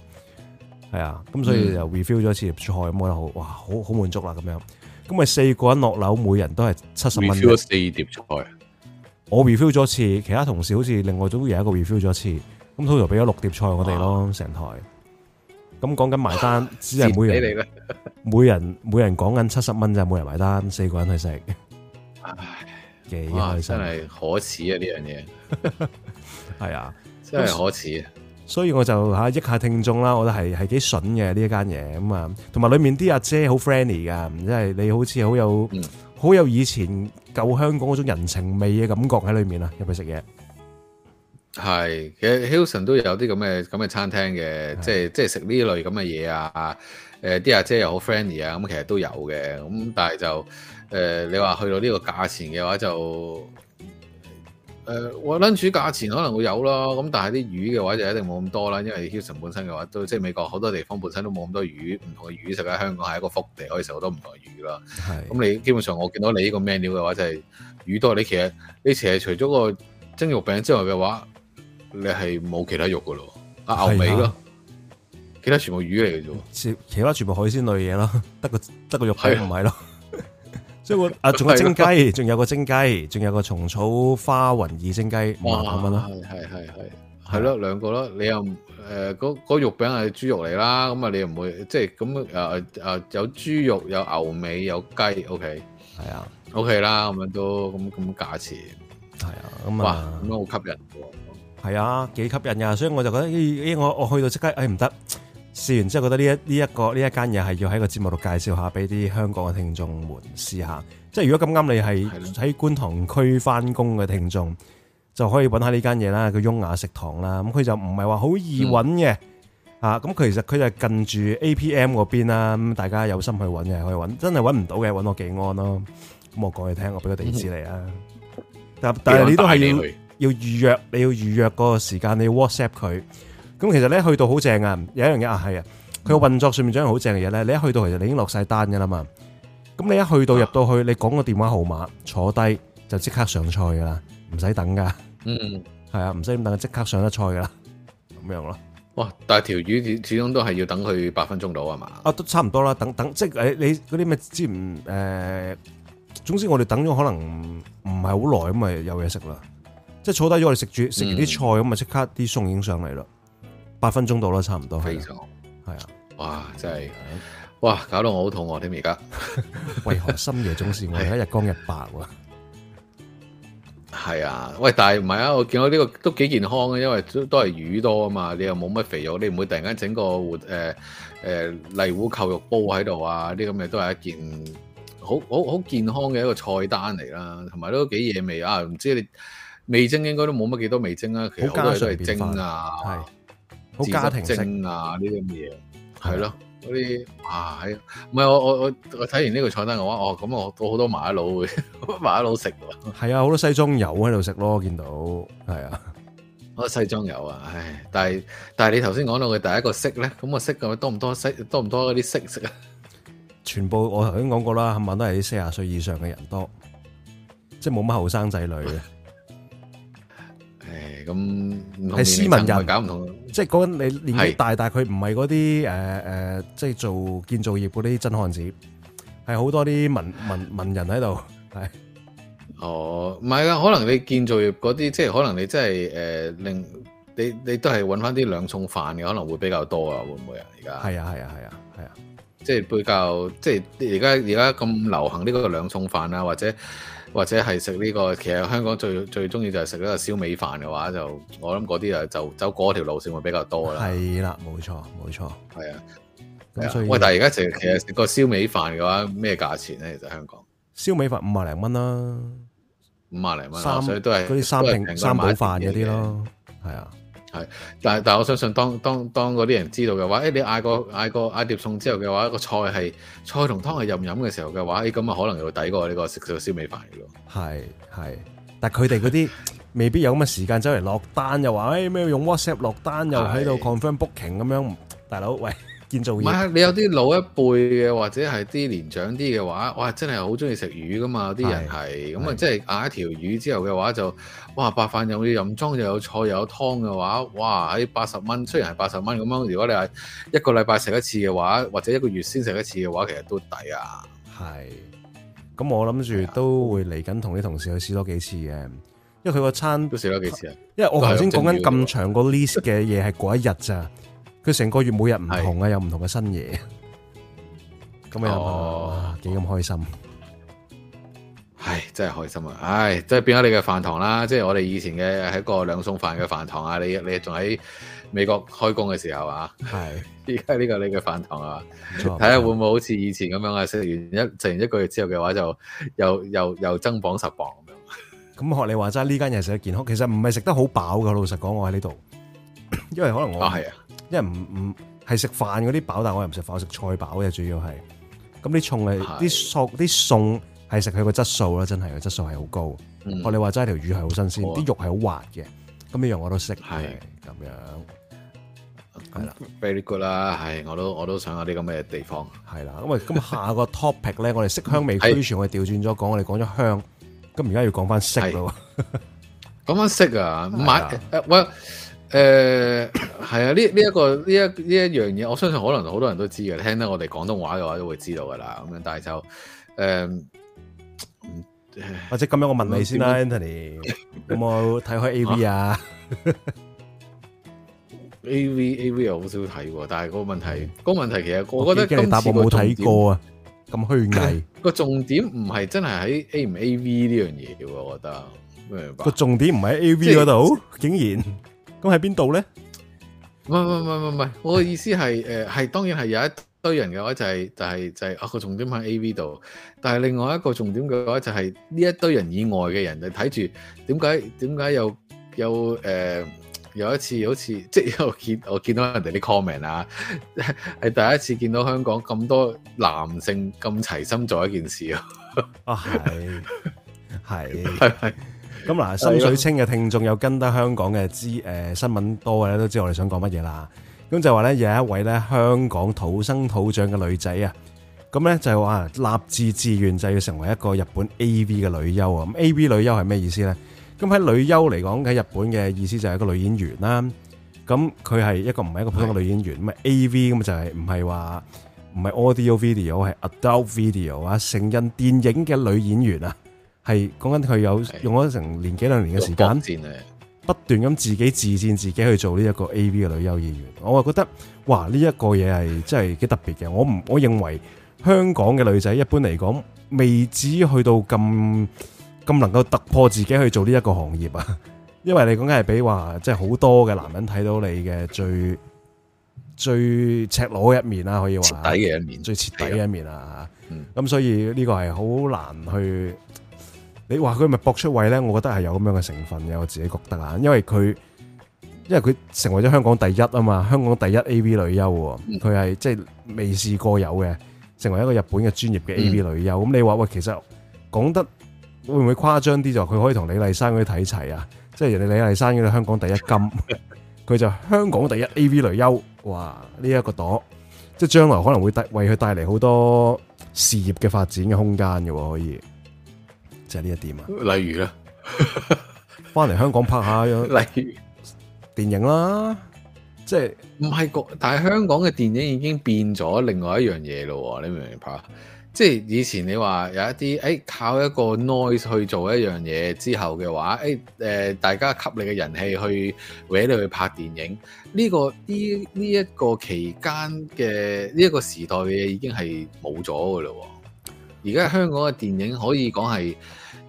A: 係啊，咁所以就 refill 咗一次碟菜咁，我覺得好哇，好好滿足啦咁樣。咁咪四個人落樓，每人都係七十蚊。refill
B: 四碟菜，
A: 我 refill 咗一次，其他同事好似另外都有一個 refill 咗一次，咁通常俾咗六碟菜我哋咯，成台。咁講緊埋單，只係每人你，每人，每人講緊七十蚊咋，每人埋單，四個人去食，唉，幾開心，真係
B: 可恥啊！呢樣嘢，
A: 係啊，真係可恥啊。所以我就吓益下聽眾啦，我覺得係係幾筍嘅呢一間嘢，咁啊，同埋裏面啲阿姐好 friendly 噶，即係你好似好有好、嗯、有以前舊香港嗰種人情味嘅感覺喺裏面啊，
B: 入去食嘢。係，其實 Hilton 都有啲咁嘅咁嘅餐廳嘅，即係即係食呢類咁嘅嘢啊，誒啲阿姐又好 friendly 啊，咁其實都有嘅，咁、嗯、但係就誒、呃、你話去到呢個價錢嘅話就誒，one lunch 價錢可能會有咯，咁、嗯、但係啲魚嘅話就一定冇咁多啦，因為 Hilton 本身嘅話都即係美國好多地方本身都冇咁多魚，唔同嘅魚食喺香港係一個福地，可以食好多唔同嘅魚啦。係，咁你基本上我見到你呢個 menu 嘅話就係、是、魚多，你其實你其實除咗個蒸肉餅之外嘅話。你係冇其他肉噶咯？阿牛尾咯、
A: 啊，其他全部魚嚟嘅啫。其他全部海鮮類嘢咯，得個得個肉餅唔係咯。
B: 即係我阿仲有蒸雞，
A: 仲、啊、有個蒸雞，仲有個蟲草花雲耳蒸雞，萬九蚊啦。
B: 係係係係咯，兩、啊、個咯。你又誒，嗰、呃、肉餅係豬肉嚟啦。咁啊，你又唔會即係咁誒誒，有豬肉有牛尾有雞。O K 係啊，O、OK、K 啦，咁樣都咁咁價錢係啊。咁啊，哇，咁樣好吸引
A: 係啊，幾吸引啊，所以我就覺得咦，我我去到即刻，哎唔得，試完之後覺得呢一呢一個呢一間嘢，係要喺個節目度介紹下，俾啲香港嘅聽眾們試下。即係如果咁啱你係喺觀塘區翻工嘅聽眾，就可以揾下呢間嘢啦，個雍雅食堂啦。咁佢就唔係話好易揾嘅啊。咁佢其實佢就近住 APM 嗰邊啦。咁大家有心去揾嘅，去揾，真係揾唔到嘅，揾我技安咯。咁我講你聽，我俾個地址你啊。但但係你都係要。要預約，你要預約個時間，你要 WhatsApp 佢咁。其實咧去到好正啊，有一樣嘢啊，係啊，佢個運作上面有一樣好正嘅嘢咧。你一去到其實你已經落晒單噶啦嘛。咁你一去到入到去，你講個電話號碼，坐低就即刻上菜噶啦，唔使等
B: 噶。嗯，
A: 係啊，唔使咁等，即刻上得菜噶啦，
B: 咁樣咯。哇！但係條魚始終都係要等佢八分鐘到啊嘛？
A: 啊，都差唔多啦，等等即係你嗰啲咪知唔誒，總之我哋等咗可能唔係好耐咁，咪有嘢食啦。即係坐低咗我哋食住，食完啲菜咁，咪、嗯、即刻啲餸影上嚟咯，八分鐘到啦，差唔
B: 多。非常，係啊，哇！真係，哇！搞到我好肚餓、啊，添而家。 為
A: 何深夜總是我哋一日光日白喎、
B: 啊？係啊，喂！但係唔係啊？我見到呢個都幾健康嘅，因為都都係魚多啊嘛，你又冇乜肥肉，你唔會突然間整個活誒誒荔芋扣肉煲喺度啊！啲咁嘅都係一件好好好健康嘅一個菜單嚟啦，同埋都幾嘢味啊！唔知你？味精應該都冇乜幾多味精啊，其實好多都係蒸啊，好家庭蒸啊呢啲咁嘅嘢，係咯，嗰啲啊，唔係，我我我我睇完呢個菜單嘅話，哦咁、啊、我都好多麻甩佬會麻甩佬食喎，
A: 係啊，好多西裝油喺度食咯，見
B: 到係啊，好多西裝油啊，唉！但係但係你頭先講到嘅第一個色咧，咁啊色咁多唔多色多唔多嗰啲色色啊？
A: 全部我頭先講過啦，冚唪唥都係啲四十歲以上嘅人多，即係冇乜後生仔女嘅。
B: 誒，咁係斯文人，搞唔同
A: 即係嗰陣你年紀大，大，大係佢唔係嗰啲，誒誒，即係做建造業嗰啲真漢子，係好多啲文文文人喺度。
B: 係哦，唔係啊？可能你建造業嗰啲，即係可能你真係誒，令、呃、你你都係揾翻啲兩重飯兩餸飯嘅，可能會比較多啊？會唔會啊？而家係啊，係啊，係啊，係啊，即係比較，即係而家而家咁流行呢個兩餸飯啊，或者。或者係食呢個，其實香港最最中意就係食呢個燒味飯嘅話，就我諗嗰啲啊，就走嗰條路線會比較多啦。係啦，冇錯，冇錯，係啊。咁所以，喂，但係而家食其實食個燒味飯嘅話，咩價錢咧？其實香港
A: 燒味飯五啊零蚊啦，五啊零蚊，三所以都係嗰啲三拼三寶飯嗰啲咯，
B: 係啊。係，但係但係我相信當，當當當嗰啲人知道嘅話，誒、欸、你嗌個嗌個嗌碟餸之後嘅話，個菜係菜同湯係任飲嘅時候嘅話，誒咁啊可能又抵過呢個食燒味飯嘅喎。係係，
A: 但佢哋嗰啲未必有咁嘅時間走嚟落單，又話誒咩用 WhatsApp 落單，又喺度 confirm booking 咁樣，
B: 大佬喂。建造業？唔係啊！你有啲老一輩嘅，或者係啲年長啲嘅話，哇！真係好中意食魚噶嘛！啲人係咁啊！即係嗌一條魚之後嘅話就哇！白飯又有飲裝又有菜又有湯嘅話，哇！喺八十蚊，雖然係八十蚊咁樣。如果你係一個禮拜食一次嘅話，或者一個月先食一次嘅話，其實都抵啊！
A: 係咁，那我諗住都會嚟緊，同啲同事去試多幾次嘅。因為佢個餐
B: 都試多幾次啊！因為我頭先講緊咁
A: 長個 list 嘅嘢係嗰一日咋。 佢成個月每日唔同，有同、哦、啊，有唔同嘅新嘢，咁啊幾咁開
B: 心，係真係開心啊！唉，即係變咗你嘅飯堂啦，即係我哋以前嘅喺個兩餸飯嘅飯堂啊！你你仲喺美國開工嘅時候啊，係而家呢個你嘅飯堂啊，睇下、啊、會唔會好似以前咁樣啊？食完一食完一個月之後嘅話，就又又又增磅十磅咁樣。
A: 咁學你話齋呢間嘢食得健康，其實唔係食得好飽㗎。老實講，我喺呢度，因為可能
B: 我係、哦、啊。因為唔唔
A: 係食飯嗰啲飽，但係我又唔食飯，我食菜飽嘅主要係，咁啲餸係啲餸啲餸係食佢個質素啦，真係個質素係好高。學、嗯、你話齋條魚係好新鮮，啲、哦、肉係好滑嘅，咁呢樣我都識，係
B: 咁樣，係啦。Very good 啦，係，我都我都想下啲咁嘅地方，係啦。
A: 咁啊，咁下個 topic 咧，我哋色香味俱全，我哋調轉咗講，我哋講咗香，咁而家要講翻色咯。
B: 講翻色啊，唔誒，誒、呃，係啊，呢呢一個呢一呢一樣嘢，我相信可能好多人都知嘅，聽得我哋廣東話嘅話都會知道噶啦。咁樣，但係就誒、呃，或者咁樣，我問你先啦，Anthony，有冇
A: 睇開 A V 啊，啊
B: ？A V A V 又好少睇，但係個問題，個問題其實我覺得今次個冇睇過
A: 啊，咁虛偽。
B: 個重點唔係 真係喺 A 唔 A V 呢樣嘢嘅，我覺得，明白。
A: 個重點唔喺 A V 嗰度，竟然。
B: 咁喺邊度咧？唔唔唔唔唔，我嘅意思係誒，係當然係有一堆人嘅話，就係、是、就係、是、就係啊個重點喺 AV 度，但係另外一個重點嘅話就係、是、呢一堆人以外嘅人就睇住，點解點解有，有誒、呃，有一次好似即係我見我見到人哋啲 comment 啊，係第一次見到香港咁多男性咁齊心做一件事啊！哦係係係係。 咁嗱，心水清
A: 嘅聽眾有跟得香港嘅知，誒、呃、新聞多嘅咧，都知道我哋想講乜嘢啦。咁就話咧，有一位咧香港土生土長嘅女仔啊，咁咧就話立志志願就要成為一個日本 AV 嘅女優啊。咁 AV 女優係咩意思咧？咁喺女優嚟講喺日本嘅意思就係一個女演員啦。咁佢係一個唔係一個普通嘅女演員，咁啊 AV 咁就係唔係話唔係 audio video 係 adult video 啊，成人電影嘅女演員啊。係講緊佢有用咗成年幾兩年嘅時間，不斷咁自己自薦自己去做呢一個 AV 嘅女優演員，我啊覺得，哇！呢一個嘢係真係幾特別嘅。我唔我認為香港嘅女仔一般嚟講，未至於去到咁咁能夠突破自己去做呢一個行業啊。因為你講緊係俾話，即係好多嘅男人睇到你嘅最最赤裸嘅一面啦，可以話，底嘅一面，最徹底嘅一面啊。咁所以呢個係好難去。你話佢咪搏出位呢？我覺得係有咁樣嘅成分嘅，我自己覺得啊，因為佢，因為佢成為咗香港第一啊嘛，香港第一 AV 女優，佢係即係未試過有嘅，成為一個日本嘅專業嘅 AV 女優。咁、嗯、你話喂，其實講得會唔會誇張啲就？佢可以同李麗珊嗰啲睇齊啊，即係人哋李麗珊嗰啲香港第一金，佢就香港第一 AV 女優，哇！呢、這、一個朵，即係將來可能會帶為佢帶嚟好多事業嘅發展嘅空間嘅，可以。就呢一點啊，例如啦，翻 嚟香
B: 港拍下樣，例如電影啦，即係唔係國，但係香港嘅電影已經變咗另外一樣嘢咯，你明唔明白、嗯？即係以前你話有一啲誒、哎，靠一個 noise 去做一樣嘢之後嘅話，誒、哎、誒、呃，大家吸你嘅人氣去搵你去拍電影，呢、這個呢呢一個期間嘅呢一個時代嘅嘢已經係冇咗噶啦，而家香港嘅電影可以講係。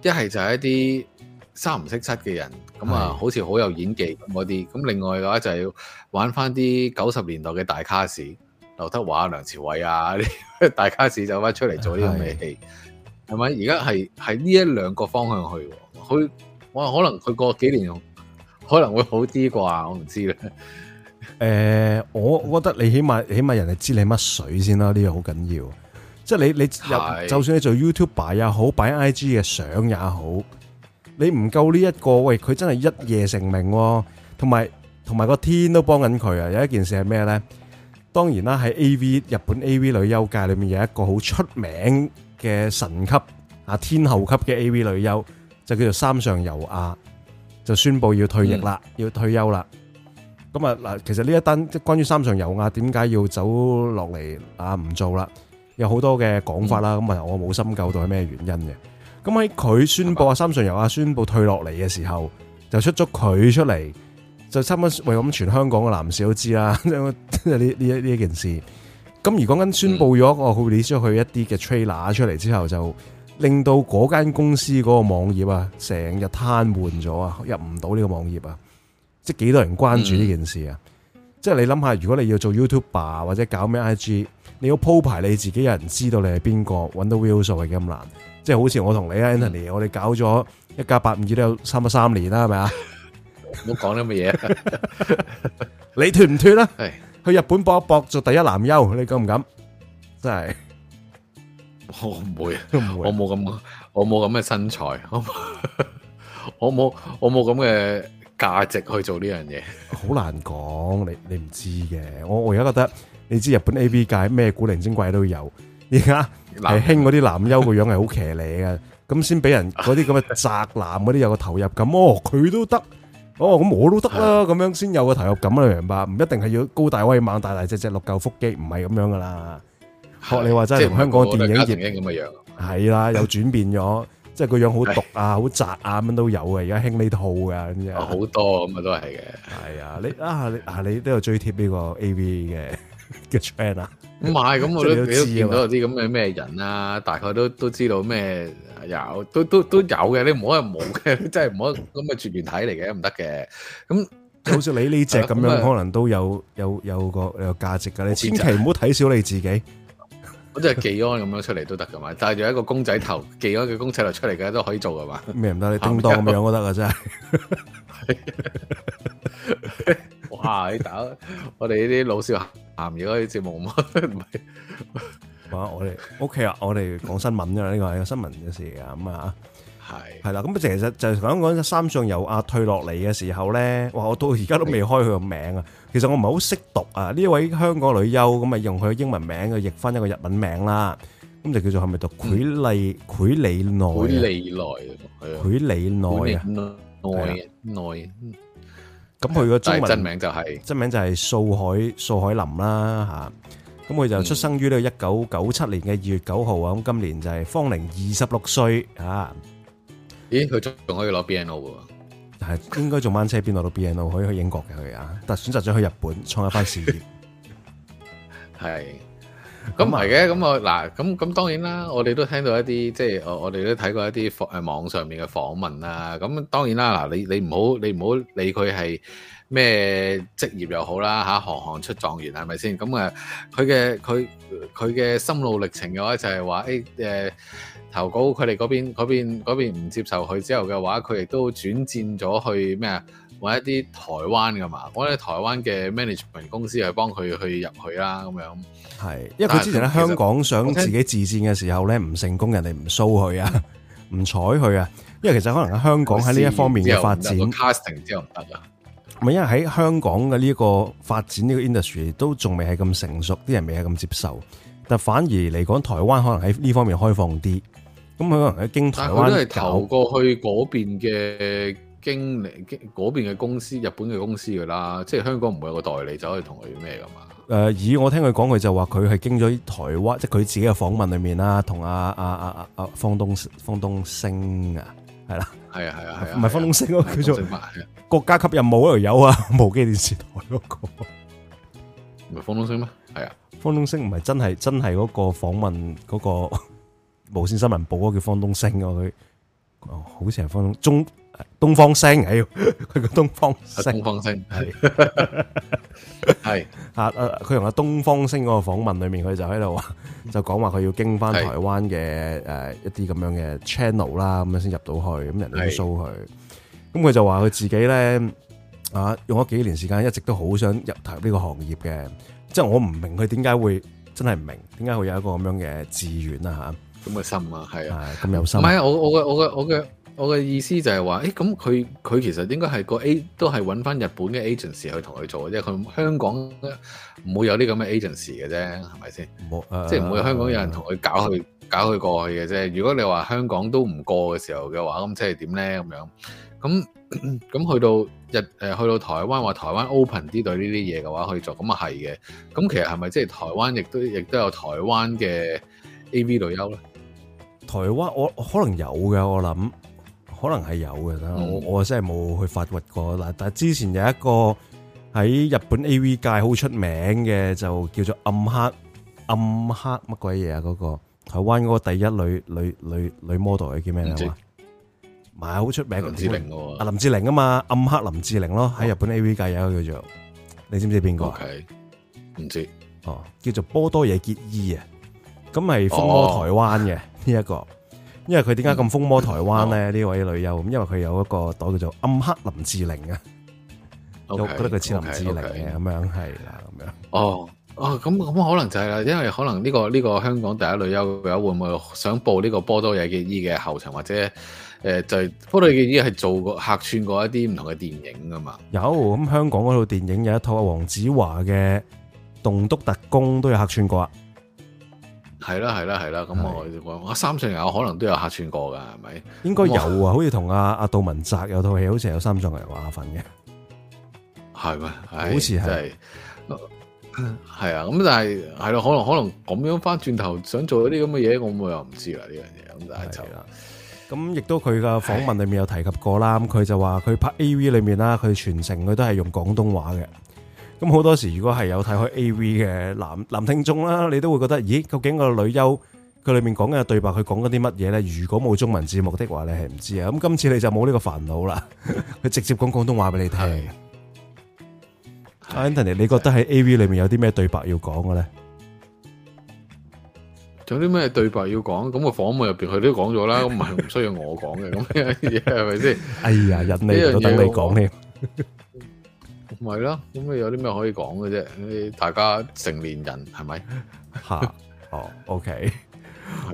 B: 就是一係就係一啲三唔識七嘅人，咁啊好似好有演技咁嗰啲，咁另外嘅話就要玩翻啲九十年代嘅大卡士，劉德華啊、梁朝偉啊啲 大卡士就翻出嚟做呢樣戲，係咪？而家係係呢一兩個方向去，佢哇可能佢過幾年可能會好啲啩，我唔知咧。誒、呃，我我覺得
A: 你起碼起碼人哋知你乜水先啦，呢個好緊要。
B: 即係你你又就
A: 算你做 YouTube 擺也好，擺 IG 嘅相也好，你唔夠呢一個，喂佢真係一夜成名，同埋同埋個天都幫緊佢啊！有一件事係咩呢？當然啦，喺 AV 日本 AV 女優界裏面有一個好出名嘅神級啊、天后級嘅 AV 女優就叫做三上悠亞，就宣布要退役啦，要退休啦。咁啊嗱，其實呢一單即係關於三上悠亞點解要走落嚟啊，唔做啦？有好多嘅講法啦，咁、嗯、啊，我冇深究到係咩原因嘅。咁喺佢宣佈啊，三上悠亞啊宣佈退落嚟嘅時候，就出咗佢出嚟，就差唔多為咁全香港嘅男士都知啦。呢呢呢一件事，咁而講緊宣佈咗、嗯，我佢理咗佢一啲嘅 trailer 出嚟之後，就令到嗰間公司嗰個網頁啊，成日癱瘓咗啊，入唔到呢個網頁啊，即係幾多人關注呢件事啊？嗯即係你諗下，如果你要做 YouTuber 或者搞咩 IG，你要鋪排你自己，有人知道你係邊個，搵到 views 數係咁難。即係好似我同你 Anthony 我哋搞咗一家八五二都有三十三年啦，係咪啊？
B: 唔好講啲乜嘢。
A: 你脱唔脱啊？去日本搏一
B: 搏做第一男優，你敢唔敢？真係我唔會， 我冇不咁會， 我冇咁嘅身材，我冇，我冇咁嘅。我價值去做呢
A: 樣嘢，好難講，你你唔知嘅。我我而家覺得，你知日本 AV 界咩古靈精怪都有，而家係興嗰啲男優個樣係好騎呢嘅，咁先俾人嗰啲咁嘅宅男嗰啲有個投入感哦，佢都得哦，咁我都得啦，咁樣先有個投入感啊，你明白？唔一定係要高大威猛、大大只隻六嚿腹肌，唔係咁樣噶啦。學你話齋，香港電影電影咁嘅樣，係啦，又轉變咗。即係個樣好毒啊，好窄啊，咁都有啊。而家興呢套
B: 嘅，好多咁啊，都係嘅。係啊，
A: 你啊，你啊、 嗯，你都有追貼呢個 A V 嘅嘅 channel。唔係，咁我都你都見到有
B: 啲咁嘅咩人啊，大概都都知道咩有，都都都有嘅。你唔好又冇嘅，真係唔好咁嘅絕緣體嚟嘅唔得嘅。
A: 咁好似你呢隻咁樣，樣，就是，可能都有有有個有價值嘅，你千祈唔好睇少你自己。
B: 我真係技安咁樣出嚟都得噶嘛，帶住一個公仔頭技安嘅公仔頭出嚟嘅都可以做噶嘛，
A: 咩唔得？你叮噹咁樣都得噶真係，
B: 哇！你打我哋呢啲老少咸咸魚嗰啲節目，唔 係，
A: 哇！我哋 O K 啊，我哋講新聞啫，呢個係個新聞嘅事啊，咁啊。係係啦，咁其實就講講三上悠亞退落嚟嘅時候咧，哇！我到而家都未開佢個名啊。其實我唔係好識讀啊。呢位香港嘅女優咁啊，用佢嘅英文名去譯翻一個日文名啦。咁就叫做係咪讀繪里繪里奈？繪里
B: 奈係啊，繪里奈奈奈。
A: 咁佢嘅中文名就係真名就係素海素海林啦吓。咁佢就出生於呢個一九九七年嘅二月九號啊。咁今年就係芳齡二十六歲啊。
B: 咦，佢仲仲可以攞 BNO 喎？
A: 係應該做班車邊度攞到 BNO，可以去英國嘅佢啊！但係選擇咗去日本，創一番事業。
B: 係，咁唔係嘅，咁我嗱，咁咁當然啦，我哋都聽到一啲，即係我我哋都睇過一啲訪誒網上面嘅訪問啦。咁當然啦，嗱，你你唔好你唔好理佢係咩職業又好啦，吓行行出狀元係咪先？咁啊，佢嘅佢佢嘅心路歷程嘅話就係話誒誒。投稿佢哋嗰邊嗰邊唔接受佢之後嘅話，佢亦都轉戰咗去咩？揾一啲台灣嘅嘛，我哋台灣嘅 management 公司幫佢去幫佢去入去啦咁樣。係，因為佢之前喺香港想自
A: 己自薦嘅時候咧，唔成功，人哋唔收佢啊，唔睬佢啊。因為其實可能喺香港喺呢一方面嘅發展
B: casting 之後唔得啦。
A: 唔係因為喺香港嘅呢一個發展呢、呢個 industry 都仲未係咁成熟，啲人未係咁接受，但反而嚟講，台灣可能喺呢方面開放啲。咁佢可能喺京台，但佢都係投過
B: 去嗰邊嘅經理，嗰邊嘅公司，日本嘅公司噶啦。即係香港唔會有個代理就可以同佢咩噶嘛？
A: 誒、呃，以我聽佢講，佢就話佢係經咗台灣，即係佢自己嘅訪問裏面啦，同阿阿阿阿方東方東升啊，係啦，係啊係啊係啊，唔係方東升咯，叫做國家級任務人物度有啊， 無機電視台嗰、嗰個，唔係方東升咩？係啊，方東升唔係真係真係嗰個訪問嗰、嗰個。無綫新聞報嗰個叫方東升，我佢好似係方東中東方星，佢、哎、叫東方星，東方星係係佢用阿東方星嗰個訪問裏面，佢就喺度話，就講話佢要經翻台灣嘅誒一啲咁樣嘅 channel 啦，咁樣先入到去，咁人哋都 show 佢。咁佢就話佢自己咧啊，用咗幾年時間，一直都好想入台呢個行業嘅。即係我
B: 唔明佢點解會真係唔明，點解會有一個咁樣嘅志願啊。吓。咁嘅心啊，係啊，咁、啊、有心。唔係啊，我我嘅我嘅我嘅我嘅意思就係話，誒咁佢佢其實應該係個 A 都係揾翻日本嘅 agency 去同佢做、啊，即係佢香港唔會有啲咁嘅 agency 嘅啫，係咪先？即係唔會香港有人同佢搞去、啊、搞佢過去嘅啫。如果你話香港都唔過嘅時候嘅話，咁即係點咧？咁樣咁咁去到日誒、呃、去到台灣話，台灣 open 啲對呢啲嘢嘅話去做，咁啊係嘅。咁其實係咪即係台灣亦都亦都有台灣嘅 AV 女優咧？
A: 台灣我可能有嘅，我諗可能係有嘅啦。我我真係冇去發掘過嗱。但係之前有一個喺日本 A.V 界好出名嘅，就叫做暗黑暗黑乜鬼嘢啊，嗰個台灣嗰個第一女女女女 model 叫咩名啊？唔知，唔係好出名。林志玲嘅阿林志玲啊嘛，暗黑林志玲咯，喺日本 A.V 界有一個叫做，你知唔知邊個啊？唔知哦，叫做波多野結衣啊，咁係風靡台灣嘅。呢、這、一個，因為佢點解咁風魔台灣咧？呢、哦、位女優，因為佢有一個代叫做暗黑林志
B: 玲啊，我、okay, 覺得佢似林志玲嘅，咁、okay, okay. 樣，係啦，咁樣。哦，哦，咁、哦、咁可能就係、是、啦，因為可能呢、這個呢、這個香港第一女優有會唔會想報呢個波多野結衣嘅後塵，或者誒、呃、就係、是、波多野結衣係做過客串過一啲唔同嘅電影噶嘛？
A: 有咁、嗯、香港嗰套電影有一套阿黃子華嘅棟篤特工都有客串過啊。
B: 係啦，係啦，係啦，咁我我三上人可能都有客串過噶，係咪？
A: 應該有啊，好似同阿阿杜汶澤有套戲，好似有三上人話
B: 分嘅，係咪？好似係，係啊，咁但係係咯，可能可能咁樣翻轉頭想做一啲咁嘅嘢，我冇又唔知啦呢樣嘢，咁就係，
A: 就啦。咁亦都佢嘅訪問裏面有提及過啦，咁佢就話佢拍 AV 裏面啦，佢全程佢都係用廣東話嘅。咁好多時，如果係有睇開 A V 嘅男男聽眾啦，你都會覺得，咦？究竟個女優佢裏面講緊嘅對白，佢講緊啲乜嘢咧？如果冇中文字幕的話，你係唔知啊。咁今次你就冇呢個煩惱啦，佢直接講廣東話俾你聽。阿 Anthony，你覺得喺 A V 裏面有啲咩對白要講嘅咧？
B: 仲有啲咩對白要講？咁個訪問入邊佢都講咗啦，咁唔係唔需要我講嘅，咁係
A: 咪先？哎呀，人哋都等你講添。
B: 咪啦，咁咪有啲咩可以講嘅啫？大家成年人係咪嚇？哦，OK，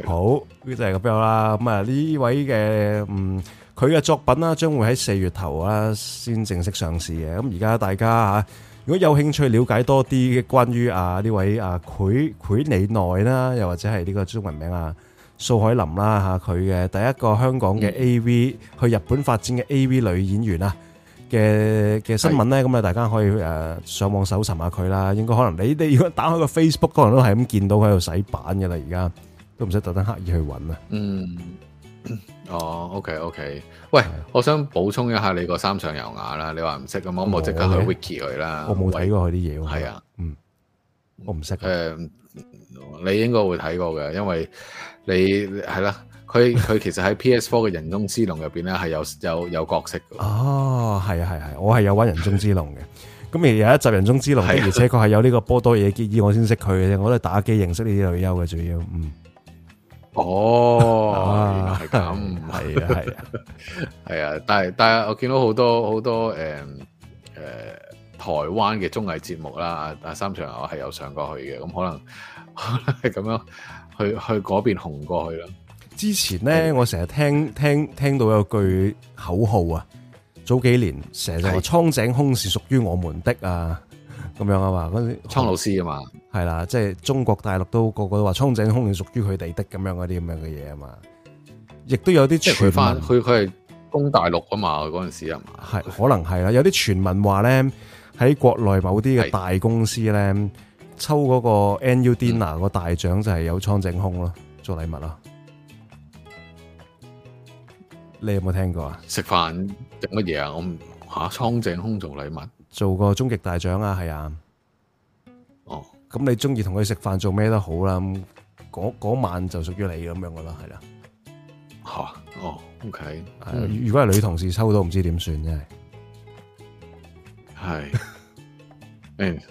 B: 好呢，就係咁樣
A: 啦。咁啊，呢位嘅嗯，佢嘅作品啦，將會喺四月頭啊先正式上市嘅。咁而家大家嚇，如果有興趣了解多啲嘅關於啊呢位啊，絵里奈啦，又或者係呢個中文名啊，蘇海林啦嚇，佢嘅第一個香港嘅 AV 去日本發展嘅 AV 女演員啊。嘅嘅新聞咧，咁啊，大家可以誒上網搜尋下佢啦。應該可能你哋如果打開個 Facebook，可能都係咁見到佢喺度洗版嘅啦。而家都唔使特登刻意去揾啦。
B: 嗯，哦，OK，OK。Okay, okay. 喂，我想補充一下你個三上悠亞啦。你話唔識咁，我我即刻去 Wiki 佢啦。我冇睇過佢啲嘢。係啊，嗯，我唔識。誒、呃，你應該會睇過嘅，因為你係啦。佢佢其實喺 PS4 嘅人中之龍入邊咧，係有有有角色嘅。
A: 哦，係啊係係、啊，我係有玩人中之龍嘅。咁 而有一集人中之龍的、啊，而且佢係有呢個波多野結衣，我先識佢嘅啫。我都係打機認識呢啲女優嘅主要。嗯。
B: 哦，係咁，係啊，係啊，係 啊。但係但係、嗯嗯啊，我見到好多好多誒誒台灣嘅綜藝節目啦，阿三場我係有上過去嘅。咁可能係咁樣去去嗰邊紅過去咯。之
A: 前咧，我成日聽聽聽到有句口號啊，早幾年成日話蒼井空是屬於我們的啊，咁樣啊嘛，嗰陣蒼老師啊嘛，係啦，即係中國大陸都個個都話蒼井空係屬於佢哋的咁樣嗰啲咁樣嘅嘢啊嘛，
B: 亦都有啲即係佢翻，佢佢係東大陸啊嘛，嗰陣時係嘛，
A: 係可能係啦、啊，有啲傳聞話咧喺國內某啲嘅大公司咧抽嗰個 N U Dina 個大獎就係有蒼井空咯，嗯、做禮物啦。你有冇聽過吃飯
B: 啊？食飯整乜嘢啊？我唔吓蒼井空做禮物，
A: 做個終極大獎啊，係啊。哦，咁你中意同佢食飯做咩都好啦，咁嗰晚就屬於你咁樣噶啦，係啦。
B: 吓、啊，哦，哦，OK、嗯。如
A: 果係女同事抽到，唔知點算，真
B: 係。係。嗯、 哎。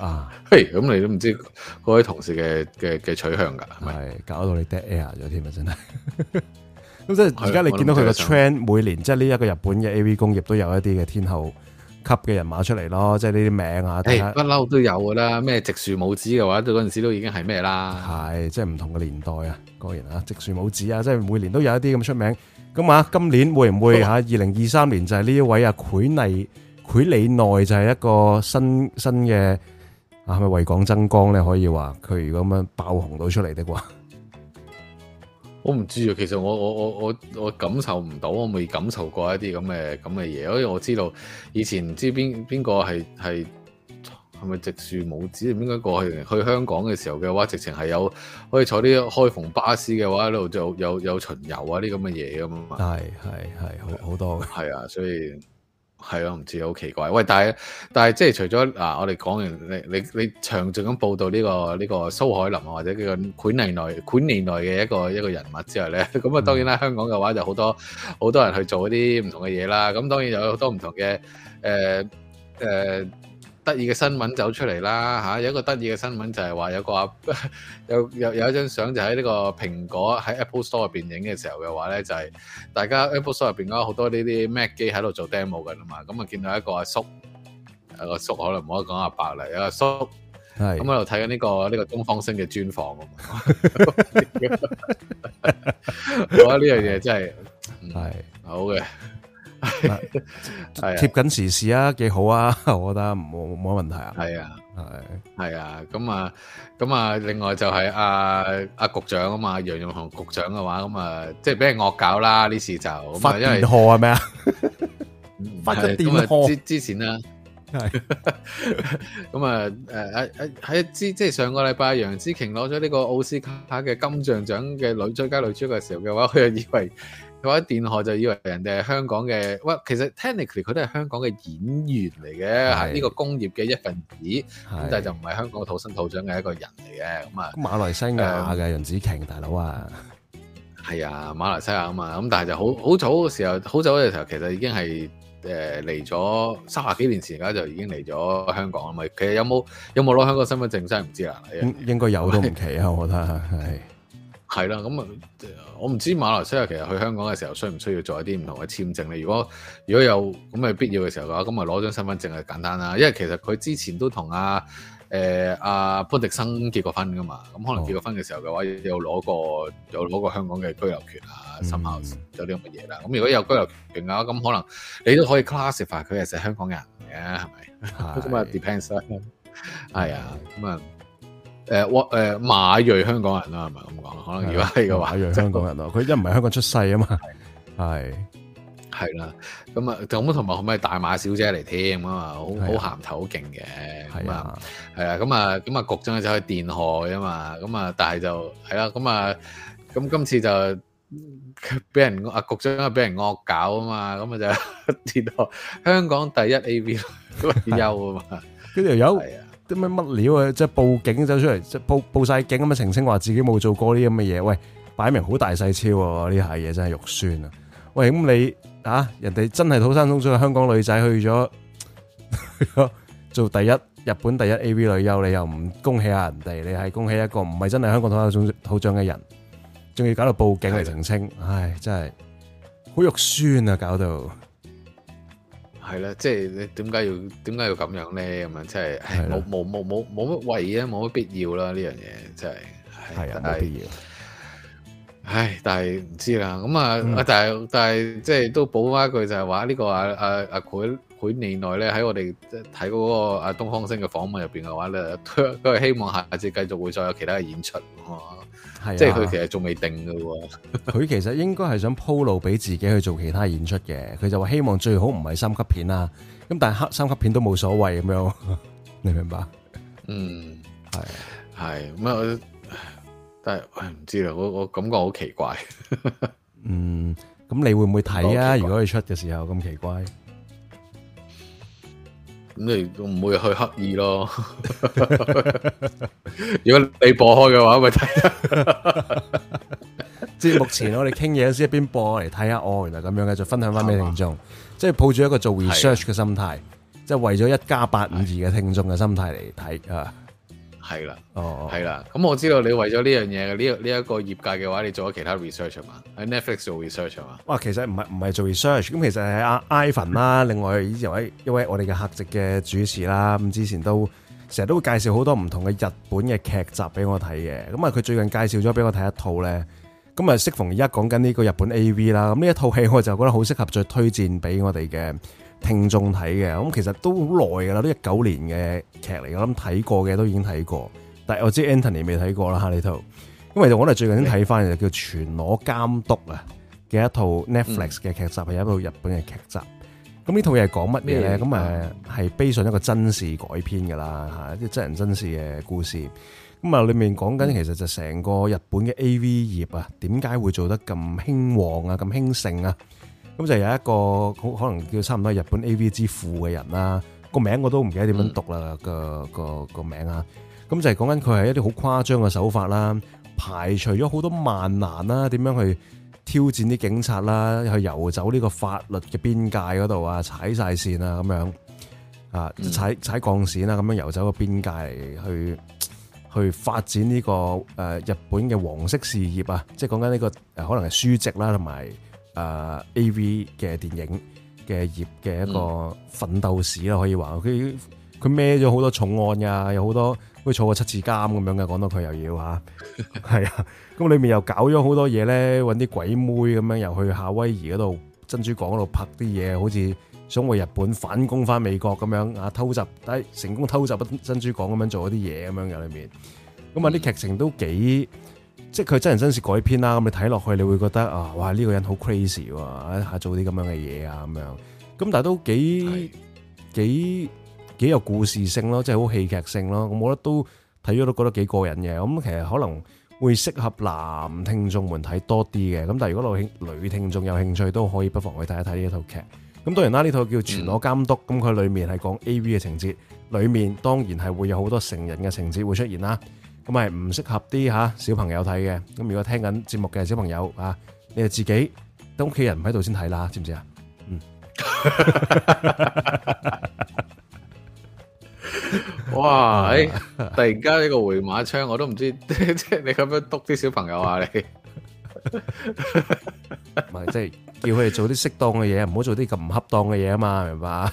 B: 啊、 哎，嘿，咁你都唔知嗰位同事嘅嘅嘅取向噶，係咪、啊？搞到你 dead air 咗添啊，真係。 咁即係而家你見到佢個 trend，
A: 每年即係呢一個日本嘅 AV 工業都有一啲嘅天后級嘅人馬出嚟咯，即係呢啲名啊，大家不、欸、
B: 嬲都有噶啦。咩直樹母子嘅話，到嗰陣時都已經係咩啦？係即係唔同嘅年代啊，果然啊，直樹母子啊，
A: 即係每年都有一啲咁出名。咁啊，今年會唔會吓？二零二三年就係呢一位啊，絵里，絵里奈就係一個新新嘅啊，係咪為港增光咧？可以話佢如果咁樣爆紅到出嚟的話。
B: 我唔知啊，其實我我我我我感受唔到，我未感受過一啲咁嘅咁嘅嘢。因為我知道以前唔知邊邊個係係係咪直樹冇紙，應該過去去香港嘅時候嘅話，直情係有可以坐啲開篷巴士嘅話，一度就有有，有巡遊啊啲咁嘅嘢咁啊，係係係好好多係啊，所以。係咯、啊，唔知好奇怪。喂，但係但係，即係除咗我哋講完你你你長續咁報道呢、這個呢、這個蘇海林啊，或者呢個管理內管理內管年代嘅一個一個人物之外咧，咁啊當然啦，嗯、香港嘅話就好多好多人去做一啲唔同嘅嘢啦。咁當然有好多唔同嘅誒誒。呃呃得意嘅新聞走出嚟啦，嚇，有一個得意嘅新聞就係話有個阿有有有一張相就喺呢個蘋果喺 Apple Store 入邊影嘅時候嘅話咧，就係、係、大家 Apple Store 入邊有好多呢啲 Mac 機喺度做 demo 嘅啦嘛，咁啊見到一個阿叔，阿叔可能唔可以講阿伯嚟，阿叔
A: 咁喺
B: 度睇緊呢個呢、呢個東方星嘅專訪啊嘛，我覺得呢樣嘢真係唔係、嗯、好嘅。係貼
A: 緊時事啊，幾好啊，我覺得冇冇問題啊。係啊，係
B: 係啊，咁啊，咁啊，另外就係阿阿局長啊嘛，楊潤雄局長嘅話，咁啊，即係俾人惡搞啦呢事就，因為賀啊咩啊？因為電賀之之前啊，係咁啊，誒誒誒，喺之即係上個禮拜，楊紫瓊攞咗呢個奧斯卡嘅金像獎嘅女最佳女主角嘅時候嘅話，佢又以為。佢話電荷就以為人哋係香港嘅，哇！其實 technically 佢都係香港嘅演員嚟嘅，嚇呢個工業嘅一份子，咁但係就唔係香港土生土長嘅一個人嚟嘅，咁啊馬來西亞嘅楊紫瓊大佬啊，係啊馬來西亞啊嘛，咁但係就好好早嘅時候，好早嘅時候其實已經係誒嚟咗三十幾年前，而家就已經嚟咗香港啊嘛，其實有冇有冇攞香港的身份證真係唔知啦，應
A: 應該有都唔奇啊，我覺得係
B: 係啦，咁啊。嗯我唔知馬來西亞其實去香港嘅時候需唔需要做一啲唔同嘅簽證咧？如果如果有咁嘅必要嘅時候嘅話，咁咪攞張身份證係簡單啦。因為其實佢之前都同阿誒阿潘迪生結過婚噶嘛，咁可能結過婚嘅時候嘅話，哦、有攞過有攞過香港嘅居留權啊，甚或有啲咁嘅嘢啦。咁如果有居留權嘅話，咁可能你都可以 classify 佢係成香港人嘅，係咪？咁啊 depends 係、嗯、啊，咁、哎、啊。誒，我誒馬睿香港人啦，係咪咁講？可能如果係嘅話，馬睿香港人咯，佢一唔係香
A: 港出世啊嘛，
B: 係係啦，咁啊，咁同埋可唔可以大馬小姐嚟添啊嘛，好好咸頭，好勁嘅，係啊，係啊，咁啊，咁啊，局長就去電害啊嘛，咁啊，但係就係啦，咁啊，咁今次就俾人阿局長啊俾人惡搞啊嘛，咁啊就跌到香港第一 AV 優啊嘛，
A: 佢又有。啲乜乜料啊！即係報警走出嚟，即係報報晒警咁啊！澄清話自己冇做過呢啲咁嘅嘢。喂，擺明好大細超啊！呢下嘢真係肉酸啊！喂，咁你啊，人哋真係土生土長嘅香港女仔去咗做第一日本第一 AV 女優，你又唔恭喜下人哋？你係恭喜一個唔係真係香港土生土長嘅人，仲要搞到報警嚟澄清，唉，真係好肉酸啊！搞到～
B: 係啦，即係你點解要點解要咁樣咧？咁樣即係冇冇冇冇冇乜謂啊，冇乜必要啦！呢樣嘢真係係啊，冇必要。唉，但係唔知啦。咁、嗯、啊、嗯，但係但係即係都補返一句就係話呢個啊啊啊佢。半年內咧，喺我哋睇嗰個阿東方星嘅訪問入邊嘅話咧，都係希望下次繼續會再有其他嘅演出，即係佢其實仲未定噶喎。佢
A: 其實應該係想鋪路俾自己去做其他演出嘅。佢就話希望最好唔係三級片啦，咁但係黑三級片都冇所謂咁樣，你明白？嗯，
B: 係係咁啊，但係唔知啊，我我感覺好奇怪。
A: 嗯，咁你會唔會睇啊？如果佢出嘅時候咁奇怪？
B: 咁你都唔會去刻意咯。 如果你播開嘅話，咪睇。即係目前
A: 我哋傾嘢先一邊播嚟睇下，哦，原來咁樣嘅，就分享翻俾聽眾。即係抱住一個做 research 嘅心態，即係、就是、為咗一家八五二嘅聽眾嘅心態嚟睇啊！
B: 係啦，哦，係啦，咁我知道你為咗呢樣嘢嘅呢呢一個業界嘅話，你做咗其他 research 嘛？喺 Netflix 做 research
A: 嘛？哇，其實唔係唔係做 research，咁其實係阿 Ivan 啦，另外以前一位一位我哋嘅客席嘅主持啦，咁之前都成日都會介紹好多唔同嘅日本嘅劇集俾我睇嘅，咁啊佢最近介紹咗俾我睇一套咧，咁啊適逢而家講緊呢個日本 AV 啦，咁呢一套戲我就覺得好適合再推薦俾我哋嘅。聽眾睇嘅，咁其實都好耐噶啦，都一九年嘅劇嚟，我諗睇過嘅都已經睇過，但係我知 Anthony 未睇過啦吓呢套，咁其實我哋最近先睇翻就叫《全裸監督》啊嘅一套 Netflix 嘅劇集，係、嗯、一套日本嘅劇集。咁呢套嘢係講乜嘢咧？咁誒係背上一個真事改編噶啦吓，即真人真事嘅故事。咁啊，裏面講緊其實就成個日本嘅 AV 業啊，點解會做得咁興旺啊，咁興盛啊？咁就有一個好可能叫差唔多係日本 AV 之父嘅人啦、嗯，那個，個名我都唔記得點樣讀啦，個個個名啊。咁就係講緊佢係一啲好誇張嘅手法啦，排除咗好多萬難啦，點樣去挑戰啲警察啦，去游走呢個法律嘅邊界嗰度啊，踩晒線啊咁樣啊，踩踩鋼線啦，咁樣游走個邊界去去發展呢、這個誒、呃、日本嘅黃色事業啊，即係講緊呢個可能係書籍啦，同埋。誒、uh，A. V. 嘅電影嘅業嘅一個奮鬥史啦，可以話佢佢孭咗好多重案噶，有好多都坐過七次監咁樣嘅，講到佢又要吓，係 啊，咁裏面又搞咗好多嘢咧，搵啲鬼妹咁樣，又去夏威夷嗰度珍珠港嗰度拍啲嘢，好似想為日本反攻翻美國咁樣，啊偷襲，但係成功偷襲珍珠港咁樣做一啲嘢咁樣嘅裏面，咁啊啲劇情都幾。嗯即係佢真人真事改編啦，咁你睇落去，你會覺得啊，哇呢個人好 crazy 喎，一下做啲咁樣嘅嘢啊，咁樣，咁但係都幾幾幾有故事性咯，即係好戲劇性咯，咁我覺得都睇咗都覺得幾過癮嘅，咁其實可能會適合男聽眾們睇多啲嘅，咁但係如果女聽女聽眾有興趣，都可以不妨去睇一睇呢一套劇，咁當然啦，呢套叫《全裸監督》，咁佢裏面係講 AV 嘅情節，裏面當然係會有好多成人嘅情節會出現啦。咁係唔適合啲吓小朋友睇嘅。咁如果聽緊節目嘅小朋友啊，你就自己等屋企人唔喺度先睇啦，知唔知啊？嗯。
B: 哇！哎，突然間呢個回馬槍，我都唔知即係你咁樣督啲小朋友啊，你唔係
A: 即係叫佢哋做啲適當嘅嘢，唔好做啲咁唔恰當嘅嘢啊嘛，明白
B: 啊？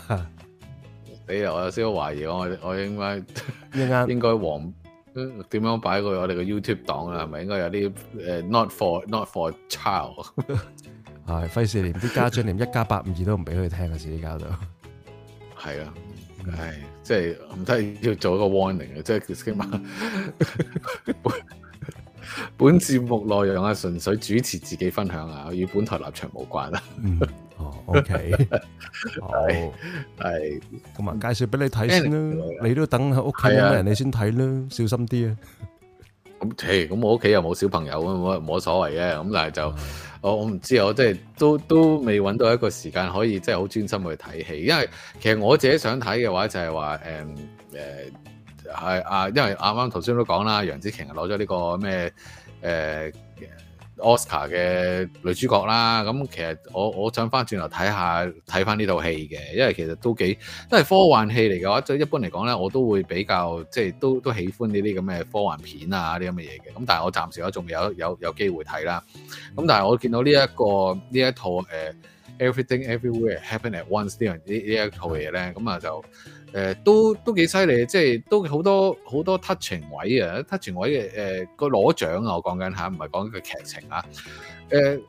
B: 你又話有少少懷疑我，我應該應該應該黃。點樣擺過我哋嘅 YouTube 檔啊？係咪應該有啲誒、uh，Not for Not for Child？係、 啊，費事連啲家長連一
A: 加八五二都唔俾佢聽啊！自己搞到
B: 係啊，係、哎、即係唔得，不知道要做一個 warning 啊！即係起本節目內容啊，純粹主持自己分享啊，與本台立場無關啊、嗯。哦，OK，係 係、
A: 哦，同埋介紹俾你睇先啦。Anyway, 你都等喺屋企咩人？你先睇啦，小心啲啊。
B: 咁，咁我屋企又冇小朋友啊，冇冇所謂嘅。咁但係就，嗯、我我唔知啊，即係都都未揾到一個時間可以真係好專心去睇戲。因為其實我自己想睇嘅話就係話，誒、嗯、誒。嗯係啊，因為啱啱頭先都講啦，楊紫瓊係攞咗呢個咩、呃、Oscar 嘅女主角啦。咁、嗯、其實我我想翻轉頭睇下睇翻呢套戲嘅，因為其實都幾因為科幻戲嚟嘅話，就一般嚟講咧，我都會比較即係都都喜歡呢啲咁嘅科幻片啊啲咁嘅嘢嘅。咁、嗯、但係我暫時咧仲有有有機會睇啦。咁、嗯、但係我見到呢一個呢一套誒、呃、Everything Everywhere Happen At Once 這這呢呢呢一套嘢咧，咁、嗯、啊就～誒，都都幾犀利，即係都好多好多 touching 位啊！touching 位嘅誒個攞獎啊，我講緊吓，唔係講緊個劇情啊。誒、呃，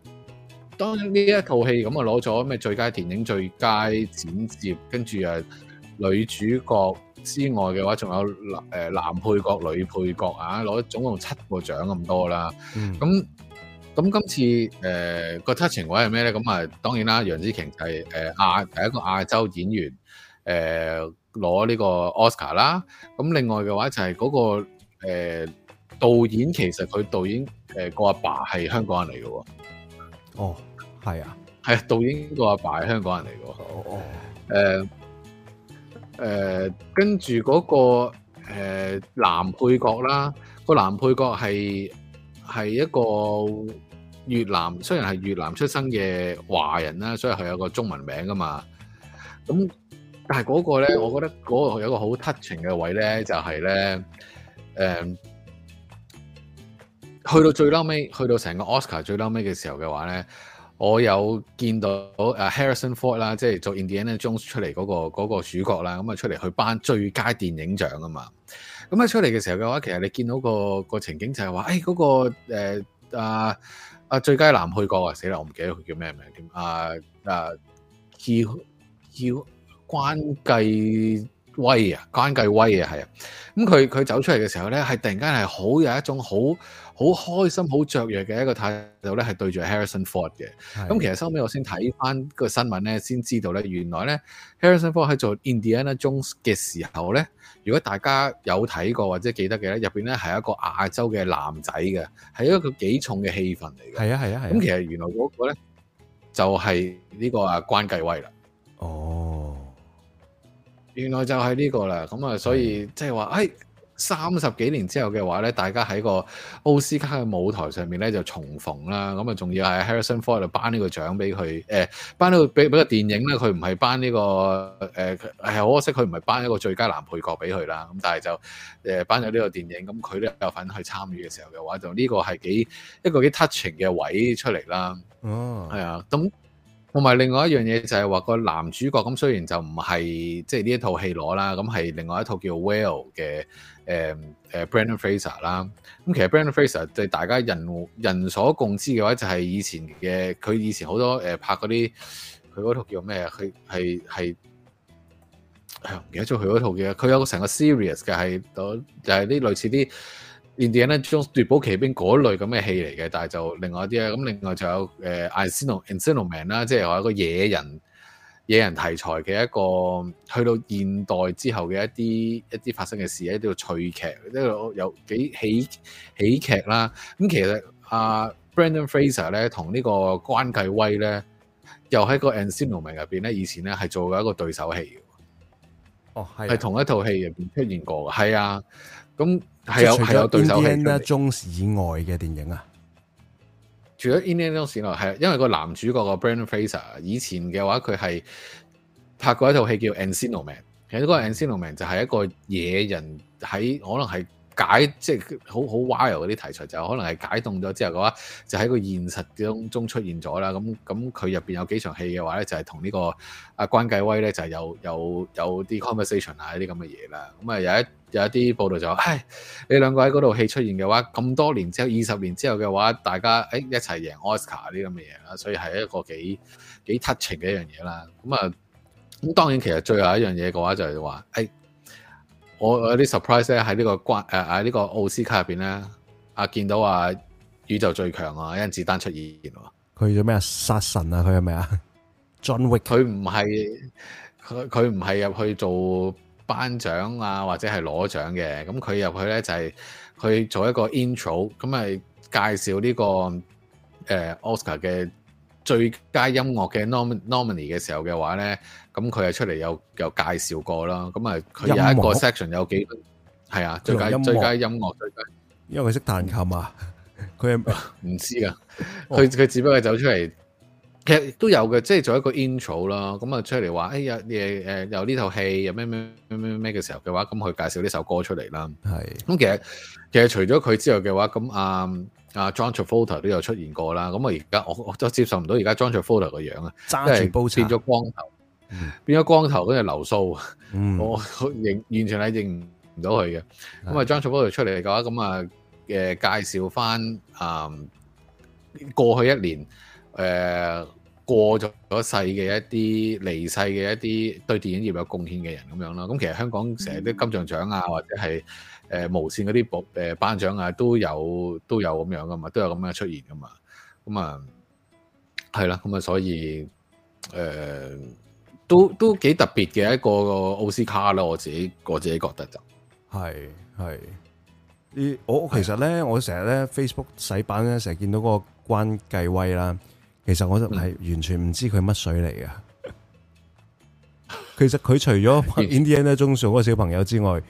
B: 當呢一套戲咁啊，攞咗咩最佳電影、最佳剪接，跟住啊女主角之外嘅話，仲有男、呃、誒男配角、女配角啊，攞咗總共七個獎咁多啦。咁咁今次誒、呃、個 touching 位係咩咧？咁啊，當然啦，楊紫瓊係誒亞第一個亞洲演員。誒攞呢個 Oscar 啦，咁另外嘅話就係嗰、那個誒、呃、導演，其實佢導演誒個阿爸係香港人嚟嘅喎。哦，係啊，係啊，導演個阿爸係香港人嚟嘅。哦哦，誒跟住嗰個男、呃、配角啦，個男配角係係一個越南，雖然係越南出生嘅華人啦，所以佢有個中文名㗎嘛，咁。但係嗰個咧，我覺得嗰個有個好 touching 嘅位咧，就係、是、咧，誒、嗯，去到最嬲尾，去到成個 Oscar 最嬲尾嘅時候嘅話咧，我有見到誒 Harrison Ford 啦，即係做 Indiana Jones 出嚟嗰、那個那個主角啦，咁啊出嚟去頒最佳電影獎啊嘛，咁啊出嚟嘅時候嘅話，其實你見到、那個個情景就係、是、話，誒、哎、嗰、那個誒、呃、啊啊最佳男配角啊死啦，我唔記得佢叫咩名添，啊啊叫叫。He, He, 關繼威啊，關繼威啊，係啊，咁佢佢走出嚟嘅時候咧，係突然間係好有一種好好開心、好雀躍嘅一個態度咧，係對住 Harrison Ford 嘅。咁其實收尾我先睇翻個新聞咧，先知道咧，原來咧 Harrison Ford 喺，做 Indiana Jones 嘅時候咧，如果大家有睇過或者記得嘅咧，入邊咧係一個亞洲嘅男仔嘅，係一個幾重嘅氣氛嚟
A: 嘅。係啊係啊係。咁其
B: 實原來嗰個咧就係、是、呢個啊關繼威啦。哦。原來就係呢個啦，咁啊，所以即係話，誒三十幾年之後嘅話咧，大家喺個奧斯卡嘅舞台上面咧就重逢啦，咁啊，仲要係 Harrison Ford 就頒呢個獎俾佢，誒頒到俾俾個電影咧，佢唔係頒呢個誒係、呃、可惜佢唔係頒一個最佳男配角俾佢啦，咁但係就誒頒咗呢個電影，咁佢都有份去參與嘅時候嘅話，就呢個係幾一個幾 touching 嘅位出嚟啦，係、哦、啊，都。同埋另外一樣嘢就係話個男主角咁，雖然就唔係即係呢一套戲攞啦，咁係另外一套叫 well 嘅《Well、嗯》嘅、啊、誒誒 Brandon Fraser 啦。咁、嗯、其實 Brandon Fraser 對大家人人所共知嘅話，就係、是、以前嘅佢以前好多誒、呃、拍嗰啲佢嗰套叫咩啊？佢係係係唔記得咗佢嗰套嘅。佢有成個 series 嘅係，就係、是、啲類似啲。印度咧，將奪寶奇兵嗰類咁嘅戲嚟嘅，但係就另外一啲啊，咁另外仲有誒《呃、Encino Encino Man》啦，即係一個野人野人題材嘅一個，去到現代之後嘅一啲一啲發生嘅事，一啲叫趣劇，一路有幾喜喜劇啦。咁、嗯、其實阿、啊、Brandon Fraser 咧，同呢個關繼威咧，又喺個《Encino Man》入邊咧，以前咧係做過一個對手戲嘅。哦，係、啊，係同一套戲入邊出現過嘅，係啊。咁係有係有對手戲。Indiana
A: Jones 中以外嘅電影啊，
B: 除咗 Indiana Jones 以外，係啊，因為個男主角個 Brendan Fraser 以前嘅話，佢係拍過一套戲叫 Encino Man。其實嗰個 Encino Man 就係一個野人喺，可能係解即係好好 wild 嗰啲題材，就是、可能係解凍咗之後嘅話，就喺、是、個現實中中出現咗啦。咁咁佢入邊有幾場戲嘅話咧，就係、是、同、這個啊、呢個阿關繼威咧，就係、是、有有有啲 conversation 啊，一啲咁嘅嘢啦。咁啊有一。有一啲報道就、哎、話，唉，你兩個喺嗰度戲出現嘅話，咁多年之後，二十年之後嘅話，大家誒、哎、一齊贏奧斯卡啲咁嘅嘢啦，所以係一個幾幾 touching 嘅一樣嘢啦。咁啊，咁當然其實最後一樣嘢嘅話就係話，誒、哎，我有啲 surprise 咧喺呢在、這個關誒喺呢個奧斯卡入邊咧，啊見到啊宇宙最強啊甄子丹出現，
A: 佢做咩啊殺神啊佢係咪啊
B: John Wick？佢唔係佢佢唔係入去做。頒獎啊，或者係攞獎嘅，咁佢入去咧就係、是、去做一個 intro，咁咪介紹呢、這個誒、呃、Oscar 嘅最佳音樂嘅 nom nominee 嘅時候嘅話咧，咁佢係出嚟有有介紹過啦，咁啊佢有一個 section 有幾分，係啊最佳音樂最佳音樂，因為佢識彈琴啊，佢唔知㗎，佢佢、哦、只不過走出嚟。其實都有嘅，即係做一個 intro 啦，咁啊出嚟話，哎呀，誒誒，由呢套戲又咩咩咩咩嘅時候嘅話，咁佢介紹呢首歌出嚟啦。係，咁其實其實除咗佢之外嘅話，咁阿阿 John Travolta 都有出現過啦。咁啊而家我我都接受唔到而家 John Travolta 個樣啊，真係、就是、變咗光頭，嗯、變咗光頭嗰隻流蘇，嗯、 我認完全係認唔到佢嘅。咁啊 John Travolta 出嚟嘅話，咁啊嘅介紹翻啊、嗯、過去一年誒。呃過咗世嘅一啲離世嘅一啲對電影業有貢獻嘅人咁樣啦，咁其實香港成日啲金像獎啊，或者係誒、呃、無線嗰啲部誒頒獎啊，都有都有咁樣噶嘛，都有咁樣，都有咁樣出現噶嘛，咁啊係啦，咁啊所以誒、呃、都都幾特別嘅一個奧斯卡啦。我自己我自己覺得就係係，
A: 啲我其實咧，我成日咧 Facebook 洗版咧，成日見到嗰個關繼威啦。其實我就係完全唔知佢乜水嚟㗎。其實佢除咗《Indiana》中上嗰個小朋友之外，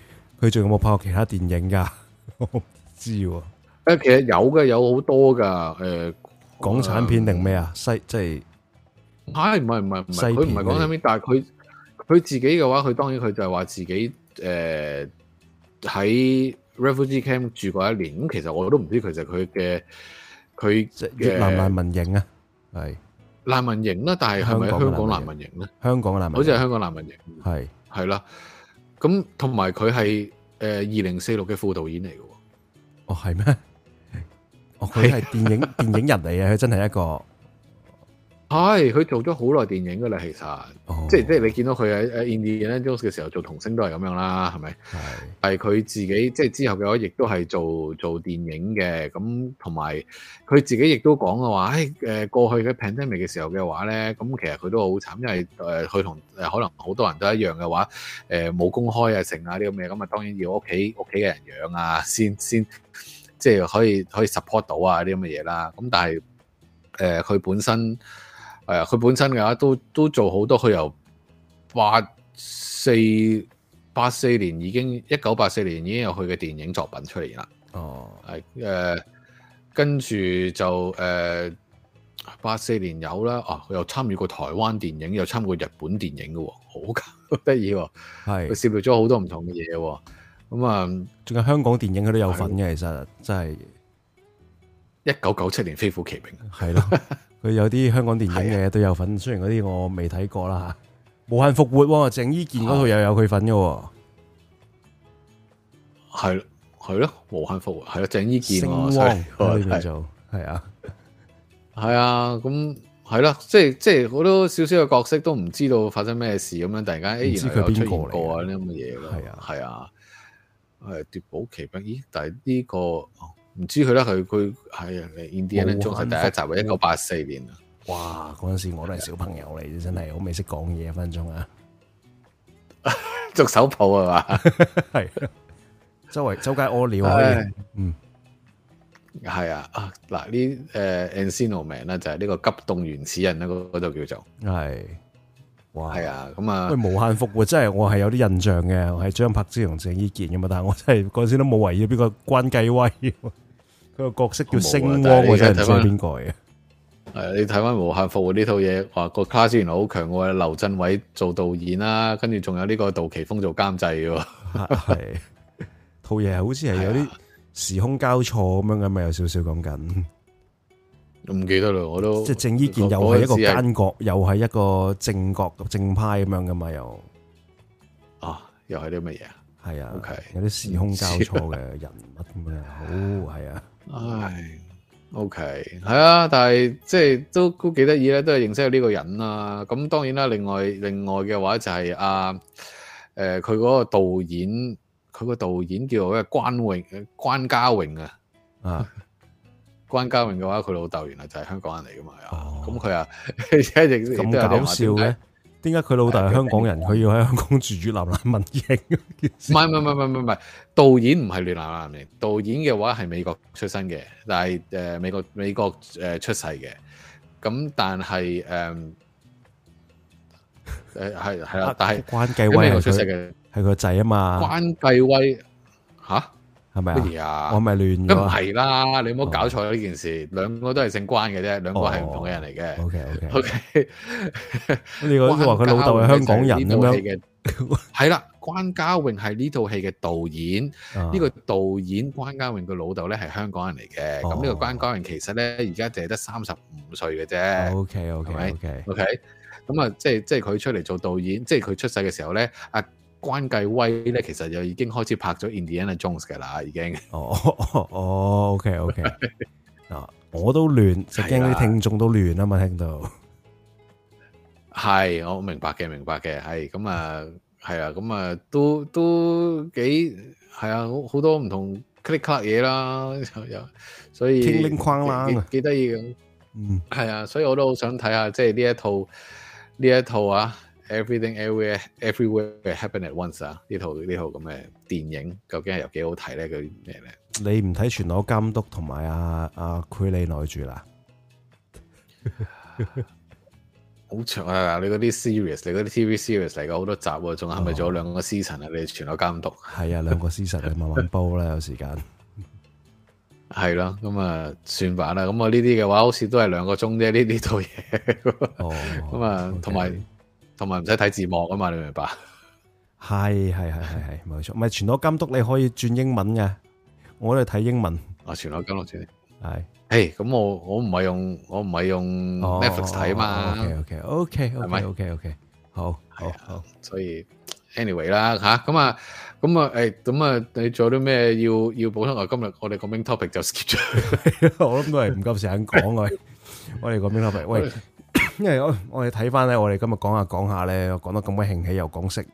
A: 佢仲有冇拍過其他電影噶？我唔
B: 知誒、啊，其實有嘅，有好多噶。誒、呃，港產片定咩啊？是是西片，即係，唉，唔係唔係唔係，佢唔係港產片，但係佢佢自己嘅話，佢當然佢就係話自己誒喺、呃、Refugee Camp 住過一年。咁其實我都唔知佢係佢嘅，其實佢嘅佢難民營啊。係難民營啦，但係係咪香港難民
A: 營咧？香港嘅難民營好似係香港難
B: 民營，係係啦。咁同埋佢係誒二零四六嘅副導演嚟嘅，哦係咩？
A: 哦佢係電影電影人嚟嘅，佢真係一個。
B: 係、哎，佢做咗好耐電影噶啦，其實，哦、即係即係你見到佢喺誒《Indiana Jones》嘅時候做童星都係咁樣啦，係咪？係。但係佢自己即係之後嘅話，亦都係做做電影嘅，咁同埋佢自己亦都講嘅話，誒、哎、過去嘅《Pandemic》嘅時候嘅話咧，咁其實佢都好慘，因為誒佢同誒可能好多人都一樣嘅話，誒、呃、冇工開啊，成啊啲咁嘅，咁啊當然要屋企屋企嘅人養啊，先先即係可以可以 support 到啊啲咁嘅嘢啦。咁但係誒佢本身。係啊，佢本身嘅，啊，都都做好多佢，由八四八四年已經一九八四年已經有佢嘅電影作品出嚟啦。哦，係誒，跟、呃、住就誒八四年有啦，佢、啊、又參與過台灣電影，又參與過日本電影嘅，好得意，係，佢涉獵咗好多唔同嘅嘢，咁、嗯、啊，仲有香港電影佢都有份
A: 嘅，其實真係一
B: 九九七年飛虎奇兵，
A: 係咯。 佢有啲香港電影嘅都有份，雖然嗰啲我未睇過啦。無限復活，喎，鄭伊健嗰套又有佢份嘅，
B: 係咯係咯，無限復活係咯，鄭、啊、伊健喎，喺佢做係啊，係啊，咁係啦，即係即係好多少少嘅角色都唔知道發生咩事咁樣，突然間誒，然後又出現一個啊啲咁嘅嘢咯，係啊係啊，誒、啊，奪寶、啊啊啊嗯、奇兵，咦？但係呢、這個。哦唔知佢啦，佢佢係啊，India 咧，仲係第一集一九八四年
A: 啊，哇！嗰陣時我都係小朋友嚟嘅，真係好未識講嘢一分鐘啊，
B: 做 手抱啊嘛，係 周
A: 圍周街屙尿啊。
B: 嗯，係啊啊嗱呢誒、呃、Encino Man 咧就係呢個急凍原始人啦，嗰、那、度、個那個、叫做係哇，
A: 係啊咁啊，無限復活真係我係有啲印象嘅，係張柏芝同鄭伊健噶嘛，但係我真係嗰陣時都冇留意邊個關繼威。 佢個角色叫星窩，我，在我真係唔知係邊、
B: 啊啊、個嘅。係你睇翻無限復活呢套嘢，話個卡斯原來好強嘅，劉鎮偉做導演啦、啊，跟住仲有呢個杜琪峰做監製嘅。
A: 係套嘢好似係有啲時空交錯咁樣嘅，咪有少少講緊。
B: 唔記得啦，我都即係鄭伊健又係一個奸
A: 角，又係一個正角，正派咁樣嘅嘛，又
B: 啊，又係啲乜嘢？係啊，okay, 有啲時空交錯嘅人，人物咁樣，好係啊。唉，OK，係啊，但係即係都都幾得意咧，都係認識到呢個人啦、啊。咁當然啦，另外另外嘅話就係啊，誒、呃，佢嗰個導演，佢個導演叫做咩關永關家永啊，啊，關家永嘅話，佢老豆原來就係香港人嚟噶嘛，咁、哦、佢啊，咁 搞笑嘅。點解佢老豆係香港人，佢要喺香港住藍藍文？住， 亂亂民影？唔係唔係唔係唔係唔係，導演唔係亂亂民，導演嘅話係美國出身嘅，但係誒、呃、美國、呃呃、 美國誒出世嘅，咁但係誒誒係係啦，但係關繼威佢
A: 係個仔啊嘛，關繼威吓。係咪啊，啊？我咪亂咁唔係
B: 啦，你唔好搞錯呢件事。兩、oh. 個都係姓關嘅啫，兩個係唔同嘅人嚟嘅。O K O K O K。話佢老豆係香港人咁樣。係 啦，關家穎係呢套戲嘅導演。呢 個導演關家穎嘅老豆咧係香港人嚟嘅。咁、oh. 呢個關家穎其實咧而家淨係得三十五歲嘅啫。O K O K O K。咁啊，即係即係佢出嚟做導演，即係佢出世嘅時候咧，關繼威咧，其實就已經開始拍咗 Indiana Jones 嘅啦，已經。哦，哦
A: ，OK，OK。嗱，我都亂，就驚啲聽眾都亂 啊
B: 嘛，聽到。係， 我明白嘅，明白嘅，係咁啊，係、嗯、啊，咁 啊、嗯嗯，都都幾係啊，好多唔同 click click 嘢啦，又 所以。叮鈴哐啷，幾得意咁。嗯，係啊，所以我都好想睇下，即係呢一套，呢一套啊。Everything, everywhere, everywhere happen at once 啊！呢套呢套咁嘅電影究竟係有幾好睇咧？佢咩咧？
A: 你唔睇全裸監督同埋阿阿絵里奈住啦，
B: 好、啊、 長啊！你嗰啲 series，你啲 TV series 嚟講好多集啊，仲係咪仲有兩個 season 啊？Oh. 你全裸監督係 啊，兩個 season，你慢慢煲啦，有時間係咯，咁 啊算吧啦，咁啊呢啲嘅話好似都係兩個鐘啫，呢呢套嘢咁啊，同埋。Oh, oh, 同埋唔使睇字幕啊嘛，你明白？
A: 係係係係係冇錯，唔係全裸監督你可以轉英文嘅，我哋
B: 睇英文。啊，全裸監督轉，係，誒，咁我我唔係用我唔係用 Netflix 睇啊嘛。OK OK OK OK，係咪？OK
A: OK，好，好，
B: 好，所以 anyway 啦吓，咁啊，咁啊，誒，咁啊，你仲有啲咩要要補充啊？今日我哋個 main topic 就 skip 咗，
A: 我諗都係唔夠時間講啊，我哋個 main topic，喂。因為我我哋睇翻咧，我哋今日講下講下咧，講得咁鬼興起，又講食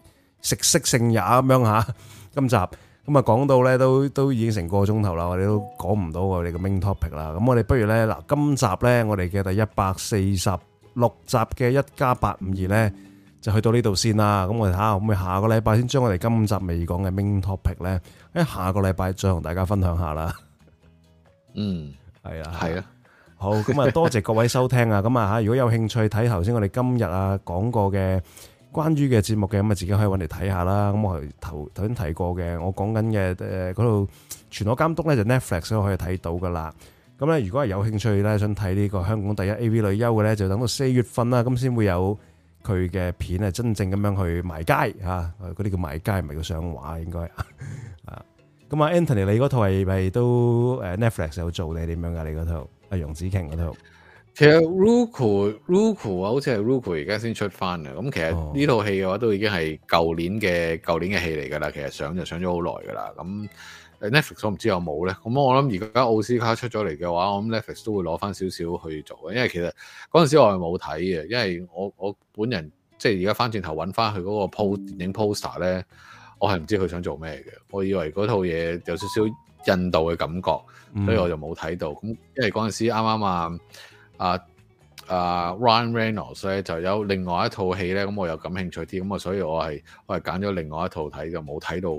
A: 食色性也咁樣吓。今集咁啊，講到咧都都已經成個鐘頭啦，我哋都講唔到我哋嘅 main topic 啦。咁我哋不如咧嗱，今集咧我哋嘅第一百四十六集嘅一家八五二咧，就去到呢度先啦。咁我哋睇下可唔可以下個禮拜先將我哋今集未講嘅 main topic 咧，喺下個禮拜再同大家分享下啦。嗯，係啊，係啊。好，咁啊，多謝各位收聽啊，咁啊吓，如果有興趣睇頭先我哋今日啊講過嘅關於嘅節目嘅，咁啊自己可以揾嚟睇下啦。咁我頭頭先提過嘅，我講緊嘅誒嗰套全裸監督咧就 Netflix 都可以睇到噶啦。咁咧如果係有興趣咧想睇呢個香港第一 AV 女優嘅咧，就等到四月份啦，咁先會有佢嘅片啊，真正咁樣去埋街吓，嗰啲叫埋街，唔係叫上畫應該啊。咁啊，Anthony，你嗰套係咪
B: 都誒 Netflix 有做定係點樣噶？你嗰套？係楊紫瓊嗰套，其實 Ruco，Ruco 啊，好似係 Ruco 而家先出翻啊。咁其實呢套戲嘅話都已經係舊年嘅舊年嘅戲嚟噶啦。其實上就上咗好耐噶啦。咁 Netflix 我唔知有冇咧？咁我諗而家奧斯卡出咗嚟嘅話，我諗 Netflix 都會攞翻少少去做。因為其實嗰陣時我係冇睇嘅，因為我我本人即係而家翻轉頭揾翻佢嗰個 po 電影 poster 咧，我係唔知佢想做咩嘅。我以為嗰套嘢有少少。印度嘅感覺，所以我就冇睇到。咁一係嗰陣時啱啱啊啊啊 Ryan Reynolds 咧、啊、就有另外一套戲咧，咁我又感興趣啲，咁啊，所以我係我係揀咗另外一套睇，就冇睇到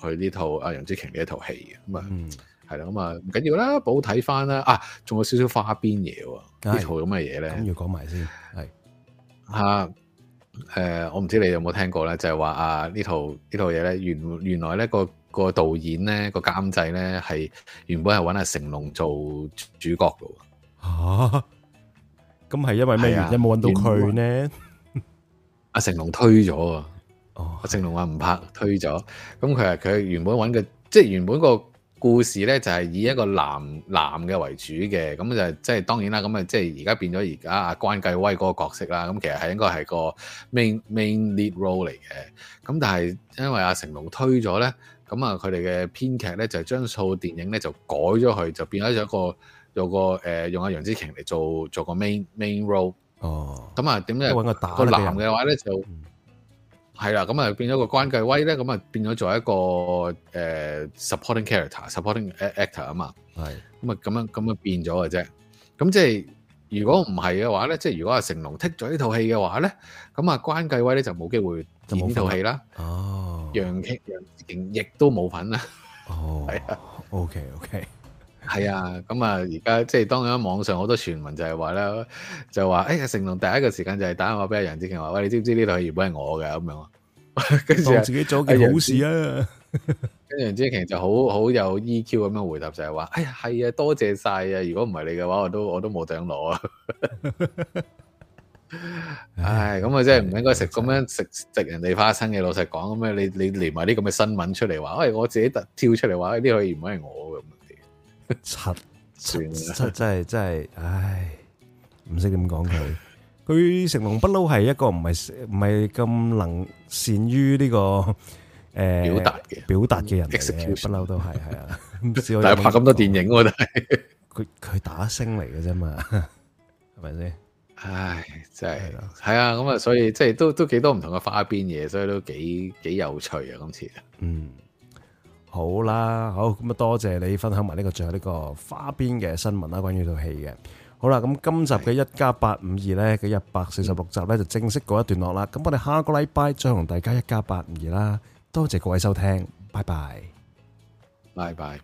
B: 佢呢套啊。楊紫瓊呢一套戲嘅。咁啊，嗯嗯、係啦，咁啊唔緊要啦，補睇翻啦。啊，仲有少少花邊嘢喎？呢套有咩嘢咧？跟住講埋先。係啊，誒、呃，我唔知你有冇聽過咧，就係、是、話啊，套套呢套呢套嘢咧，原原來咧個。那個導演咧，個監製咧係原本係揾阿成龍做主角嘅。吓、啊，
A: 咁係因為咩原因冇揾到佢咧？
B: 阿成龍推咗啊！阿、 啊、成龍話唔拍，推咗。咁佢係佢原本揾嘅，即、就、係、是、原本個故事咧就係、是、以一個男男嘅為主嘅。咁就即、是、係當然啦。咁啊，即係而家變咗而家阿關繼威嗰個角色啦。咁其實係應該係個 main main lead role 嚟嘅。咁但係因為阿、啊、成龍推咗咧。咁啊，佢哋嘅編劇咧就將、是、套電影咧就改咗佢，就變咗一個有個誒、呃、用阿楊紫瓊嚟做做個 main main role。哦。咁啊，點咧揾個打個男嘅話咧就係啦，咁、嗯、啊變咗個關繼威咧，咁啊變咗做一個誒、呃、supporting character，supporting actor 啊嘛。係。咁啊咁樣咁樣變咗嘅啫。咁即係如果唔係嘅話咧，即、就、係、是、如果阿成龍剔咗呢套戲嘅話咧，咁啊關繼威咧就冇機會。呢套戲啦，楊紫瓊楊紫瓊亦都冇份、哦、啊。哦，係、okay, okay. 啊。O K O K，係啊。咁啊，而家即係當咗網上好多傳聞就係話咧，就話、哎、呀，成龍第一個時間就係打個電話俾阿楊紫瓊話：喂，你知唔知呢套戲原本係我嘅咁樣啊？跟、哦、住自己做件好事啊。跟楊紫瓊就好好有 E Q 咁樣回答，就係、是、話：哎呀，係啊，多謝晒啊！如果唔係你嘅話，我都我都冇頂攞啊。 唉，咁啊，真係唔應該食咁樣食食人哋花生嘅。老實講，咁樣你你連埋啲咁嘅新聞出嚟話，喂、哎，我自己突跳出嚟話呢，可以唔係我咁，七七七真係真係，唉，唔識
A: 點講佢。佢、哎、成龍不嬲係一個唔係唔係咁能善於呢、這個誒、呃、表達嘅表達嘅人不嬲都係係啊，但係拍咁多電影我都係，佢佢打星嚟嘅啫嘛，係咪先？
B: 唉，真係，係啊，咁啊，所以即係都都幾多唔同嘅花邊嘢，所以都幾幾有趣啊！今次嗯，
A: 好啦，好，咁啊，多謝你分享埋呢個最後呢個花邊嘅新聞啦，關於呢套戲嘅。好啦，咁今集嘅一家八五二呢嘅一百四十六集呢就正式告一段落啦。咁我哋下個禮拜再同大家一家八五二啦。多謝各位收聽，拜拜，拜拜。